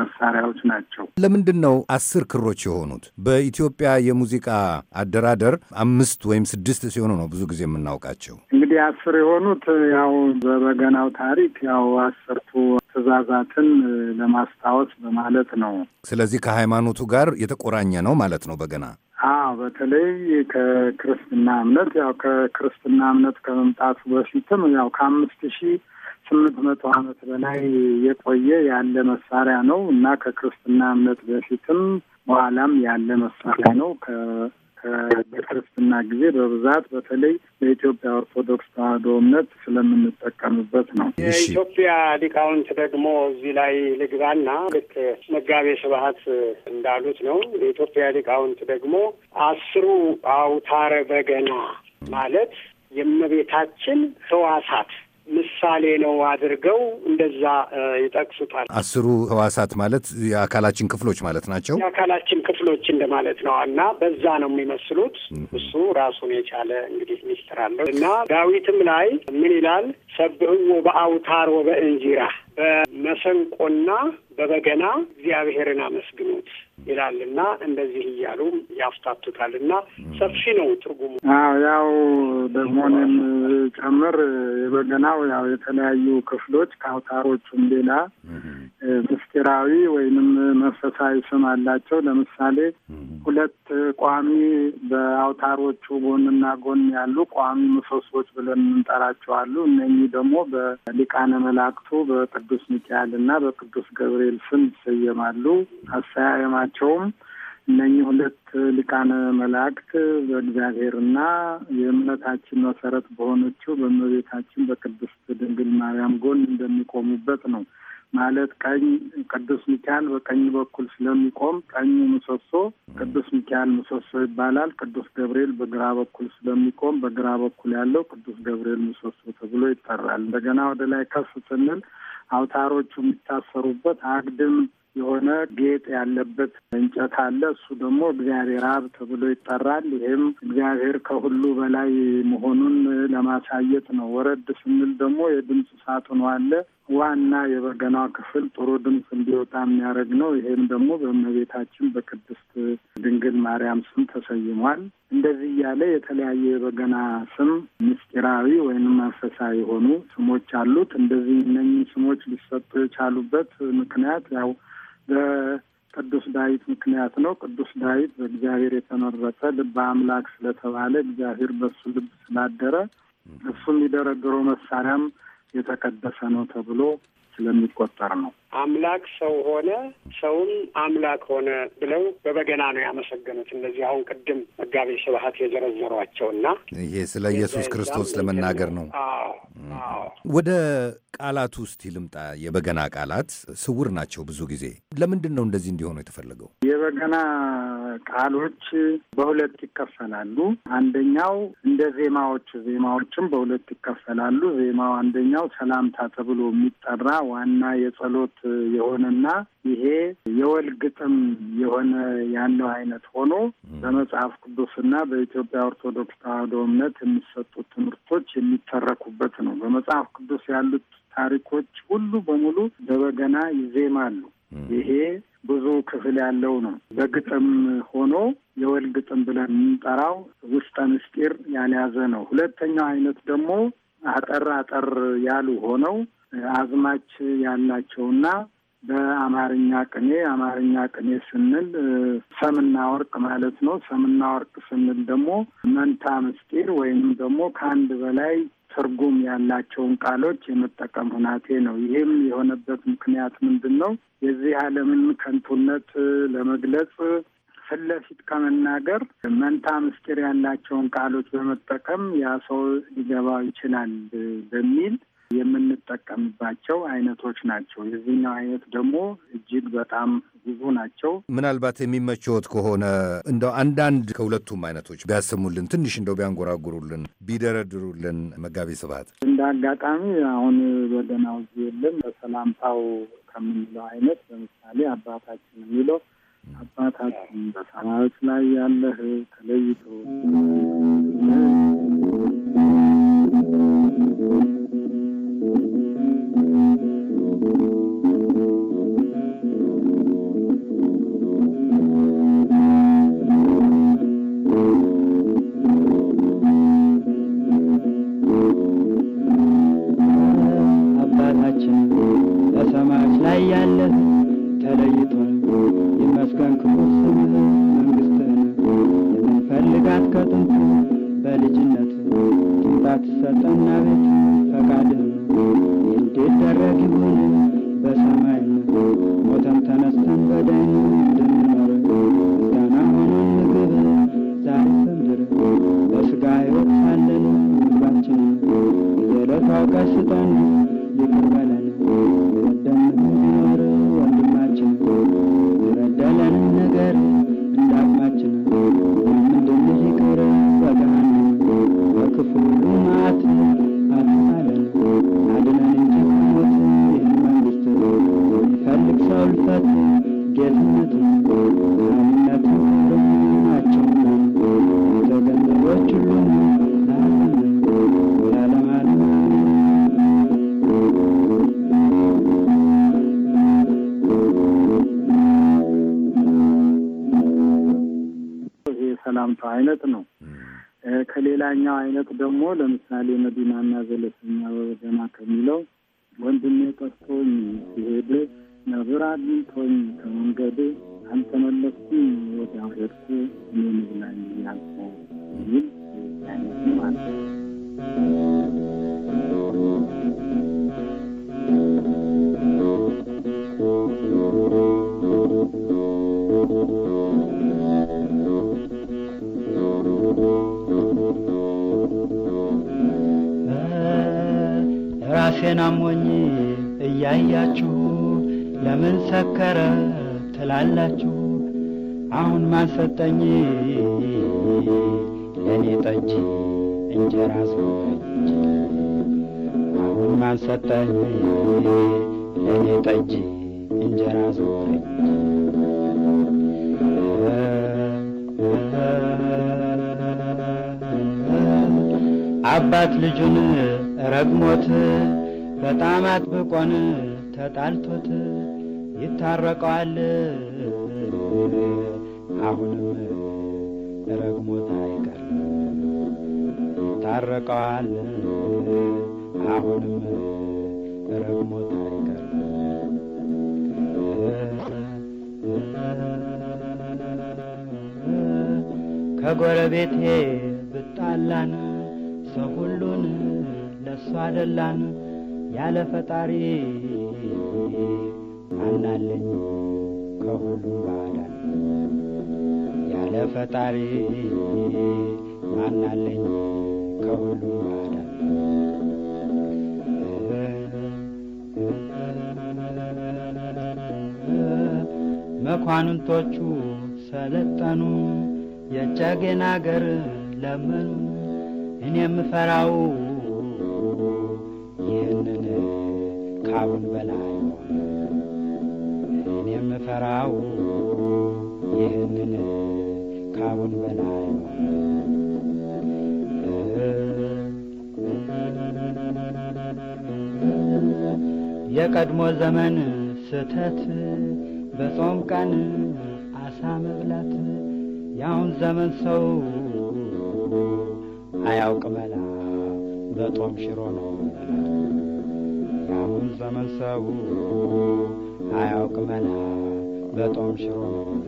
መሳሪያዎች ናቸው። ለምንድን ነው አስር ክሮች የሆኑት? በኢትዮጵያ የሙዚቃ አደራደር አምስት ወይም ስድስት ሲሆኑ ነው ብዙ ጊዜ የምናውቃቸው። እንግዲህ አስር የሆኑት ያው በበገናው ታሪክ ያው አስርቱ ትእዛዛትን ለማስታወስ በማለት ነው። ስለዚህ ከሃይማኖቱ ጋር የተቆራኘ ነው ማለት ነው በገና አዎ በተለይ ከክርስትና እምነት ያው ከክርስትና እምነት ከመምጣቱ በፊትም ያው ከአምስት ሺህ ስምንት መቶ ዓመት በላይ የቆየ ያለ መሳሪያ ነው እና ከክርስትና እምነት በፊትም በኋላም ያለ መሳሪያ ነው። በክርስትና ጊዜ በብዛት በተለይ በኢትዮጵያ ኦርቶዶክስ ተዋህዶ እምነት ስለምንጠቀምበት ነው። የኢትዮጵያ ሊቃውንት ደግሞ እዚህ ላይ ልግባና ልክ መጋቤ ስብሐት እንዳሉት ነው። የኢትዮጵያ ሊቃውንት ደግሞ አስሩ አውታረ በገና ማለት የእመቤታችን ህዋሳት ምሳሌ ነው አድርገው እንደዛ ይጠቅሱታል። አስሩ ህዋሳት ማለት የአካላችን ክፍሎች ማለት ናቸው። የአካላችን ክፍሎች እንደማለት ነው እና በዛ ነው የሚመስሉት። እሱ ራሱን የቻለ እንግዲህ ሚስጥር አለው እና ዳዊትም ላይ ምን ይላል? ሰብህዎ በአውታር ወበእንዚራ በመሰንቆና በበገና እግዚአብሔርን አመስግኑት ይላልና እንደዚህ እያሉ ያፍታቱታልና ሰፊ ነው ትርጉሙ። አዎ ያው ደግሞ እኔም ጨምር የበገናው ያው የተለያዩ ክፍሎች ከአውታሮቹም ሌላ ምስጢራዊ ወይንም መንፈሳዊ ስም አላቸው። ለምሳሌ ሁለት ቋሚ በአውታሮቹ ጎንና ጎን ያሉ ቋሚ ምሰሶች ብለን እንጠራቸዋሉ። እነኚህ ደግሞ በሊቃነ መላእክቱ በቅዱስ ሚካኤል እና በቅዱስ ገብርኤል ገብርኤል ስም ይሰየማሉ። አሰያየማቸውም እነኚህ ሁለት ሊቃነ መላእክት በእግዚአብሔርና የእምነታችን መሰረት በሆነችው በእመቤታችን በቅድስት ድንግል ማርያም ጎን እንደሚቆሙበት ነው። ማለት ቀኝ ቅዱስ ሚካኤል በቀኝ በኩል ስለሚቆም ቀኝ ምሰሶ ቅዱስ ሚካኤል ምሰሶ ይባላል። ቅዱስ ገብርኤል በግራ በኩል ስለሚቆም በግራ በኩል ያለው ቅዱስ ገብርኤል ምሰሶ ተብሎ ይጠራል። እንደገና ወደ ላይ ከፍ ስንል አውታሮቹ የሚታሰሩበት አግድም የሆነ ጌጥ ያለበት እንጨት አለ። እሱ ደግሞ እግዚአብሔር አብ ተብሎ ይጠራል። ይህም እግዚአብሔር ከሁሉ በላይ መሆኑን ለማሳየት ነው። ወረድ ስንል ደግሞ የድምፅ ሳጥኑ አለ። ዋና የበገና ክፍል ጥሩ ድምፅ እንዲወጣ የሚያደርግ ነው። ይሄም ደግሞ በእመቤታችን በቅድስት ድንግል ማርያም ስም ተሰይሟል። እንደዚህ እያለ የተለያየ የበገና ስም ምስጢራዊ ወይም መንፈሳዊ የሆኑ ስሞች አሉት። እንደዚህ እነኝህ ስሞች ሊሰጡ የቻሉበት ምክንያት ያው ቅዱስ ዳዊት ምክንያት ነው። ቅዱስ ዳዊት በእግዚአብሔር የተመረጠ ልበ አምላክ ስለተባለ እግዚአብሔር በሱ ልብ ስላደረ እሱ የሚደረድረው መሳሪያም የተቀደሰ ነው ተብሎ ስለሚቆጠር ነው። አምላክ ሰው ሆነ፣ ሰውም አምላክ ሆነ ብለው በበገና ነው ያመሰገኑት። እነዚህ አሁን ቅድም መጋቤ ስብሐት የዘረዘሯቸውና ይሄ ስለ ኢየሱስ ክርስቶስ ለመናገር ነው። ወደ ቃላት ውስጥ ይልምጣ የበገና ቃላት ስውር ናቸው ብዙ ጊዜ። ለምንድን ነው እንደዚህ እንዲሆኑ የተፈለገው? የበገና ቃሎች በሁለት ይከፈላሉ። አንደኛው እንደ ዜማዎች ዜማዎችም በሁለት ይከፈላሉ። ዜማው አንደኛው ሰላምታ ተብሎ የሚጠራ ዋና የጸሎት የሆነና ይሄ የወል ግጥም የሆነ ያለው አይነት ሆኖ በመጽሐፍ ቅዱስና በኢትዮጵያ ኦርቶዶክስ ተዋህዶ እምነት የሚሰጡ ትምህርቶች የሚተረኩበት ነው። በመጽሐፍ ቅዱስ ያሉት ታሪኮች ሁሉ በሙሉ በበገና ይዜማሉ። ይሄ ብዙ ክፍል ያለው ነው። በግጥም ሆኖ የወል ግጥም ብለን የምንጠራው ውስጠ ምስጢር ያልያዘ ነው። ሁለተኛው አይነት ደግሞ አጠር አጠር ያሉ ሆነው አዝማች ያላቸውና በአማርኛ ቅኔ አማርኛ ቅኔ ስንል ሰምና ወርቅ ማለት ነው። ሰምና ወርቅ ስንል ደግሞ መንታ ምስጢር ወይም ደግሞ ከአንድ በላይ ትርጉም ያላቸውን ቃሎች የመጠቀም ሁናቴ ነው። ይህም የሆነበት ምክንያት ምንድን ነው? የዚህ ዓለምን ከንቱነት ለመግለጽ ፊት ለፊት ከመናገር መንታ ምስጢር ያላቸውን ቃሎች በመጠቀም ያ ሰው ሊገባው ይችላል በሚል የምንጠቀምባቸው አይነቶች ናቸው። የዚህኛው አይነት ደግሞ እጅግ በጣም ብዙ ናቸው። ምናልባት የሚመቸዎት ከሆነ እንደው አንዳንድ ከሁለቱም አይነቶች ቢያሰሙልን፣ ትንሽ እንደው ቢያንጎራጉሩልን፣ ቢደረድሩልን መጋቢ ስብሐት። እንደ አጋጣሚ አሁን በደህናው የለም። በሰላምታው ከምንለው አይነት ለምሳሌ አባታችን የሚለው አባታችን በሰማዮች ላይ ያለህ ተለይቶ ያለህ ተለይቷል። ይመስገን ክቡር ስምህ መንግሥትህን የምንፈልጋት ከጥንት በልጅነት ድንባት ሰጠና ቤት ፈቃድህን እንዴት ደረግ ይሆን በሰማይ ሞተን ተነስተን በደን እንድንኖር ምስጋና ሆኖን ምግብ ዛሬ ስምድር በስጋ ሕይወት ሳለን ምግባችንን የዕለቱ አውቀ ሰጠኝ ለእኔ ጠጅ እንጀራ አስጎመጅ አሁን ማን ሰጠኝ ለእኔ ጠጅ እንጀራ አስጎመጅ አባት ልጁን ረግሞት በጣም አጥብቆን ተጣልቶት ይታረቀዋል አሁንም ረግሞት አይቀርም። ታረቀዋል አሁንም ረግሞት አይቀርም። ከጎረቤቴ ብጣላን ሰው ሁሉን ለሱ አደላን ያለ ፈጣሪ ማናለኝ ከሁሉ ባዳን ያለ ፈጣሪ ማናለኝ ከሁሉ ዓለም መኳንንቶቹ ሰለጠኑ፣ የጨገን አገር ለምን እኔ የምፈራው ይህንን ካሁን በላይ እኔ የምፈራው ይህንን ከአሁን በላይ የቀድሞ ዘመን ስተት በጾም ቀን አሳ መብላት የአሁን ዘመን ሰው አያውቅ መላ በጦም ሽሮ ነው ያሁን ዘመን ሰው አያውቅ መላ በጦም ሽሮ ነው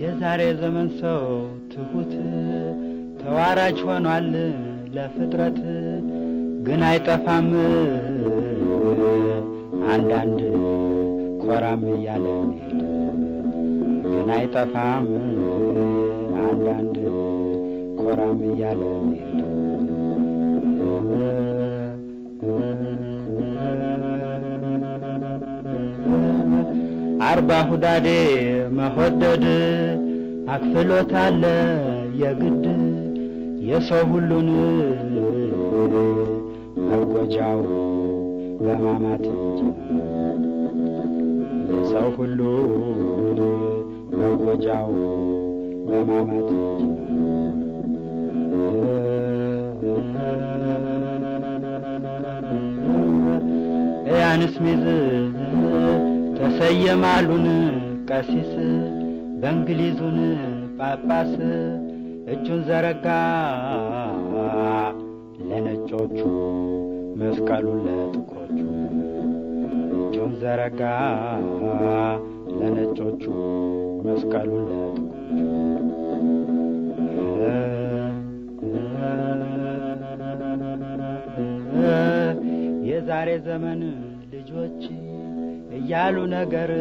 የዛሬ ዘመን ሰው ትሁት ተዋራጅ ሆኗል ለፍጥረት ግን አይጠፋም አንዳንድ ኮራም እያለ ግን አይጠፋም አንዳንድ ኮራም እያለ አርባ ሁዳዴ መወደድ አክፍሎት አለ የግድ የሰው ሁሉን መጎጃው በማማት የሰው ሁሉ መጎጃው በማማት ያንስ ሚዝ ተሰየማሉን ቀሲስ በእንግሊዙን ጳጳስ እጁን ዘረጋ ለነጮቹ መስቀሉን ለጥቆቹ እጁን ዘረጋ ለነጮቹ መስቀሉን ለጥቆቹ የዛሬ ዘመን ልጆች እያሉ ነገር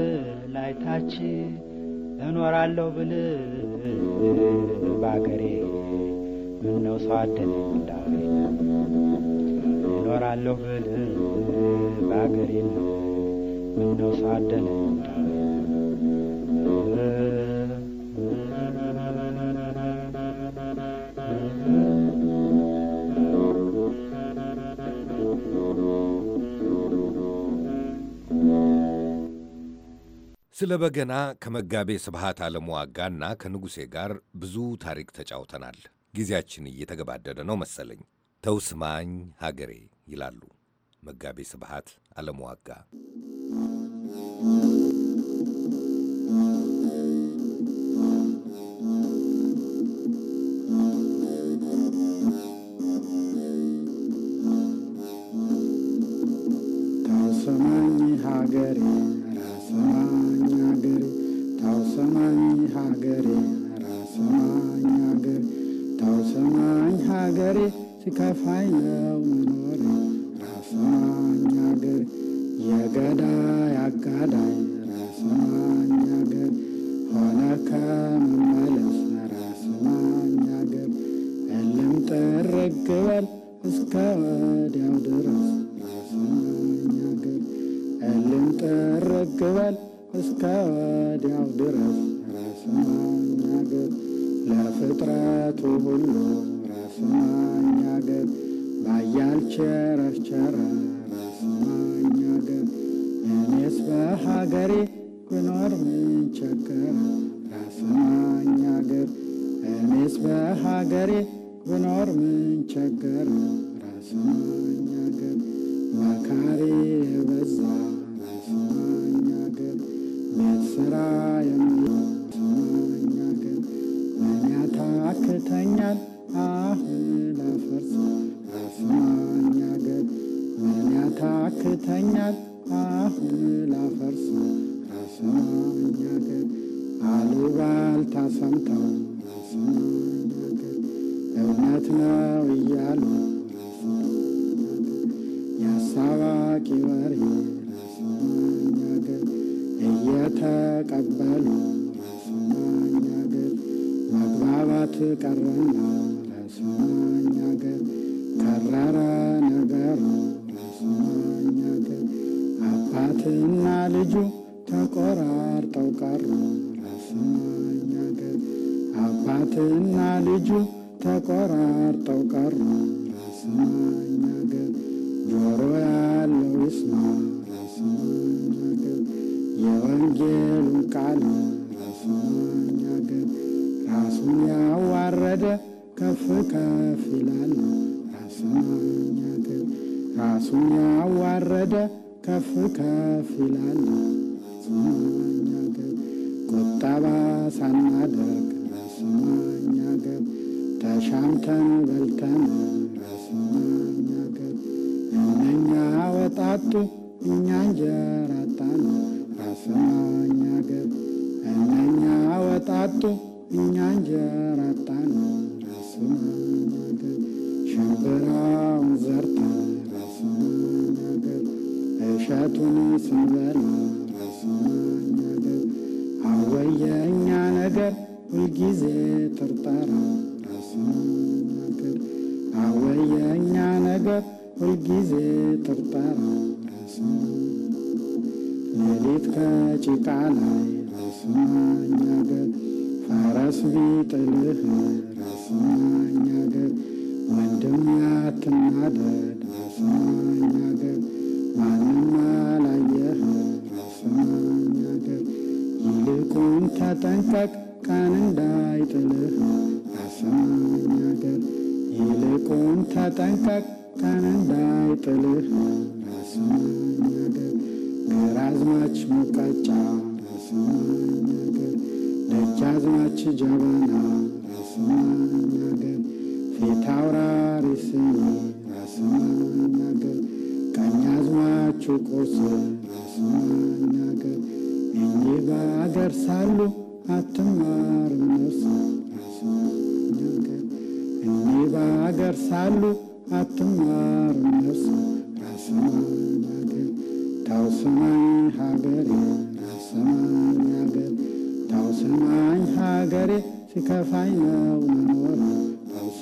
ላይታች እኖራለሁ ብል በአገሬ ምነው ሰው አደለኝ እኖራለሁ ብል በአገሬ ነው ምነው ሳደለ ስለ በገና ከመጋቤ ስብሃት ዓለሙ ዋጋና ከንጉሴ ጋር ብዙ ታሪክ ተጫውተናል። ጊዜያችን እየተገባደደ ነው መሰለኝ። ተውስማኝ ሀገሬ ይላሉ መጋቤ ስብሐት አለመዋጋ ታውሰማኝ ሀገሬ ራሰማኝ ሀገሬ ታውሰማኝ ሀገሬ ራሰማኝ ሀገሬ ታውሰማኝ ሀገሬ ሲከፋይ ነው መኖሬ ራሷኝ አገር የገዳይ አጋዳይ ራሷኝ አገር ሆነ ከመመለስ ራሷኝ አገር እልም ጥርግ እስከ ወዲያው ድረስ ራሷኝ አገር እልም ጥርግ እስከ ወዲያው ድረስ ራሷኝ አገር ለፍጥረቱ ሁሉ ራስማኝ አገር ባያል እኔስ በሀገሬ ብኖር ምን ቸገረ ራስማኝ እኔስ በሀገሬ ብኖር ምን ቸገረ ራስማኝ አገር የበዛ ራስማኝ ቤት ስራ የሚ አህል አፈርስ አፋኛ ገር ምን ያታክተኛል አህል አፈርስ አፋኛ ገር አሉባልታ ሰምተው እውነት ነው እያሉ ወሬ እየተቀበሉ መግባባት ቀረና መስማኛ ገር ተራራ አባትና ልጁ ተቆራርጠው ቀሩ መስማኛ ገር አባትና ልጁ ተቆራርጠው ቀሩ መስማኛ ጆሮ ያለው ይስማ መስማኛ ገር የወንጌሉን ቃል መስማኛ ገር ራሱን ያዋረደ ከፍ ከፍ ይላል ራስን የሚያክል ራሱን ያዋረደ ከፍ ከፍ ይላል ራስን የሚያክል ቁጠባ ሳናደርግ ራስን የሚያክል ተሻምተን በልተን ራስን የሚያክል እነኛ ወጣቱ እኛ እንጀራ አጣን ራስን የሚያክል እነኛ ወጣቱ እኛ እንጀራ አጣን ራስህን ነገር ሽንብራውን ዘርተህ ራስህን ነገር እሸቱን አወየኛ ነገር ሁልጊዜ ትርጠራ አወየኛ ነገር ሁልጊዜ ትርጠራ ራስህን ሌሊት ከጭቃ ላይ ራስህን ነገር ፈረስ ቢጥልህ አፋኝ አገር ተጠንቀቅ ቀን እንዳይጥልህ አገር ይልቁን ተጠንቀቅ ቀን እንዳይጥልህ አፋኝ አገር ግራዝማች ሙቀጫ አገር ደጃዝማች ጀበና መናገር ፊት አውራሪ ስም ራስ መናገር ቀኝ አዝማቹ ቁርስ ራስ መናገር እኚህ በአገር ሳሉ አትማርም ነፍስ ራስ መናገር እኚህ በአገር ሳሉ አትማርም ነፍስ ራስ መናገር ተው ስማኝ ሀገሬ ራስ መናገር ተው ስማኝ ሀገሬ ሲከፋኝ ነው መኖር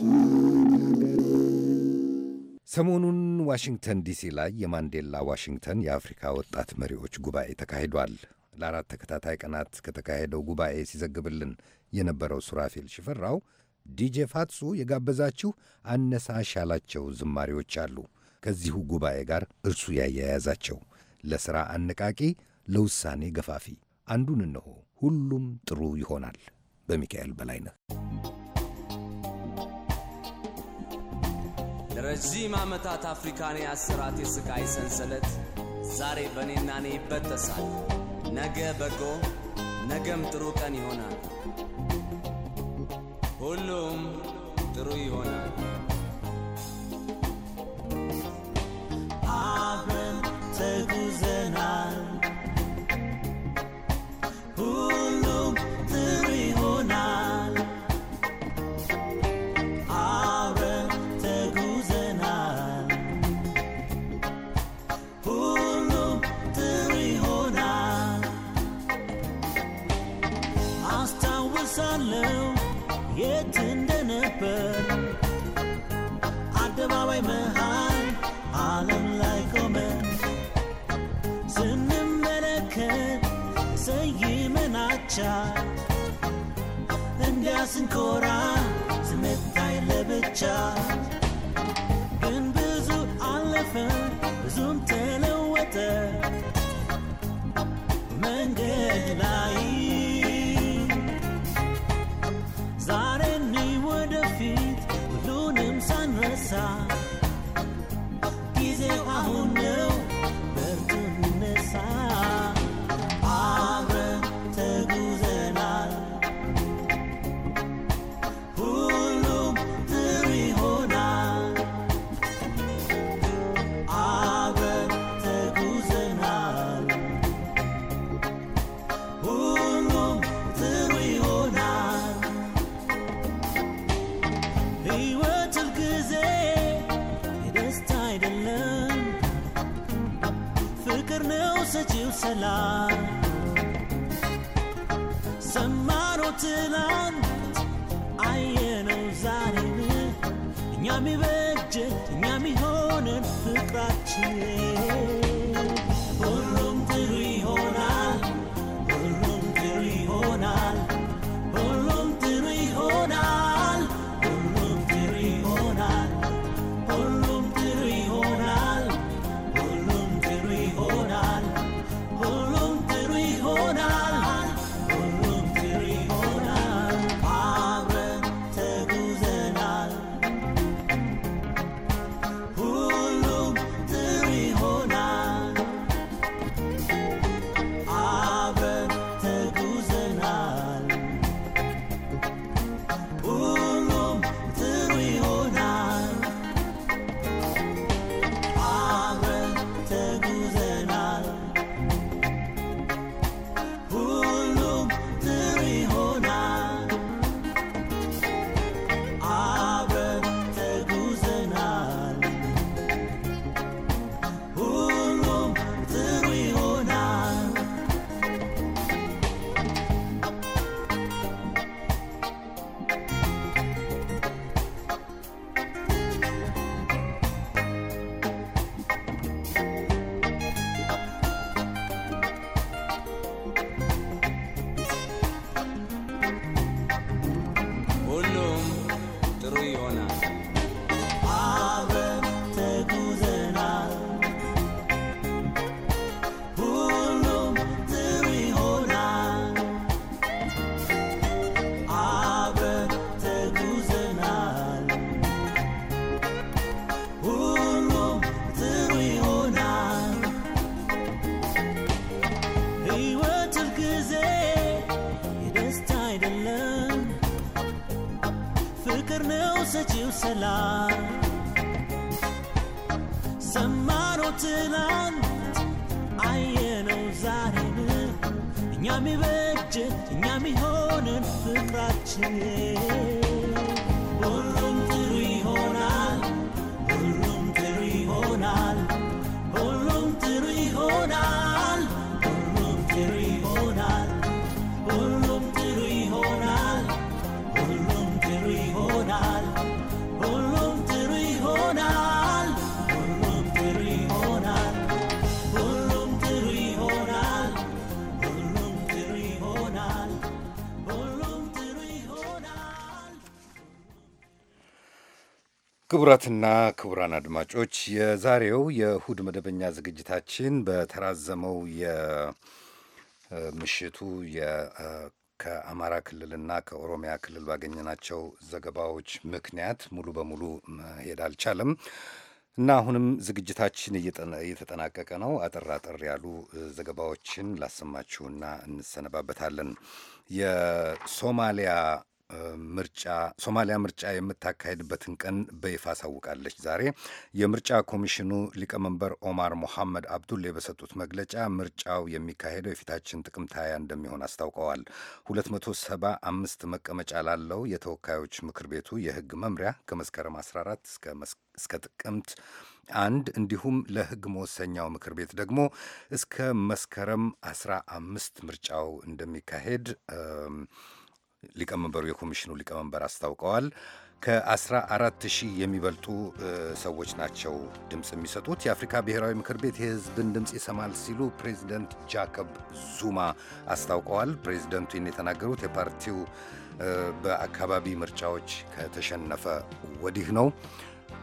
ሰሞኑን ዋሽንግተን ዲሲ ላይ የማንዴላ ዋሽንግተን የአፍሪካ ወጣት መሪዎች ጉባኤ ተካሂዷል። ለአራት ተከታታይ ቀናት ከተካሄደው ጉባኤ ሲዘግብልን የነበረው ሱራፌል ሽፈራው ዲጄ ፋትሱ የጋበዛችሁ አነሳሽ ያላቸው ዝማሪዎች አሉ። ከዚሁ ጉባኤ ጋር እርሱ ያያያዛቸው ለሥራ አነቃቂ፣ ለውሳኔ ገፋፊ አንዱን እነሆ። ሁሉም ጥሩ ይሆናል። በሚካኤል ነው። ለረዥም ዓመታት አፍሪካን የአስራት የሥቃይ ሰንሰለት ዛሬ በእኔና እኔ ነገ በጎ ነገም ጥሩ ቀን ይሆናል። ሁሉም ጥሩ ይሆናል። አብረን ተጉዘናል። በሰማይ መሃል ዓለም ላይ ቆመን ስንመለከት ሰይመናቻል እንዲያ ስንኮራ ስንታይ ለብቻ ግን ብዙ አለፈ ብዙም ተለወጠ መንገድ ላይ ዛሬኒ ወደፊት ሁሉንም ሳንረሳ አሁን ነው በርቱ እንነሳ ክቡራትና ክቡራን አድማጮች የዛሬው የእሁድ መደበኛ ዝግጅታችን በተራዘመው የምሽቱ ከአማራ ክልልና ከኦሮሚያ ክልል ባገኘናቸው ዘገባዎች ምክንያት ሙሉ በሙሉ መሄድ አልቻለም እና አሁንም ዝግጅታችን እየተጠናቀቀ ነው። አጠር አጠር ያሉ ዘገባዎችን ላሰማችሁና እንሰነባበታለን። የሶማሊያ ምርጫ ሶማሊያ ምርጫ የምታካሄድበትን ቀን በይፋ አሳውቃለች። ዛሬ የምርጫ ኮሚሽኑ ሊቀመንበር ኦማር ሞሐመድ አብዱሌ በሰጡት መግለጫ ምርጫው የሚካሄደው የፊታችን ጥቅምት ሃያ እንደሚሆን አስታውቀዋል። 275 መቀመጫ ላለው የተወካዮች ምክር ቤቱ የህግ መምሪያ ከመስከረም 14 እስከ ጥቅምት አንድ እንዲሁም ለህግ መወሰኛው ምክር ቤት ደግሞ እስከ መስከረም 15 ምርጫው እንደሚካሄድ ሊቀመንበሩ የኮሚሽኑ ሊቀመንበር አስታውቀዋል። ከ14 ሺህ የሚበልጡ ሰዎች ናቸው ድምፅ የሚሰጡት። የአፍሪካ ብሔራዊ ምክር ቤት የህዝብን ድምፅ ይሰማል ሲሉ ፕሬዚደንት ጃከብ ዙማ አስታውቀዋል። ፕሬዚደንቱን የተናገሩት የፓርቲው በአካባቢ ምርጫዎች ከተሸነፈ ወዲህ ነው።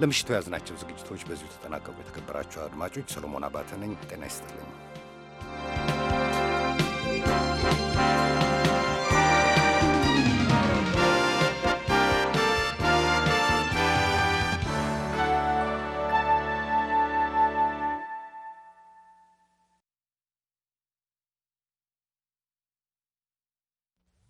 ለምሽቱ የያዝናቸው ዝግጅቶች በዚሁ ተጠናቀቁ። የተከበራቸው አድማጮች፣ ሰሎሞን አባተ ነኝ። ጤና ይስጥልኝ።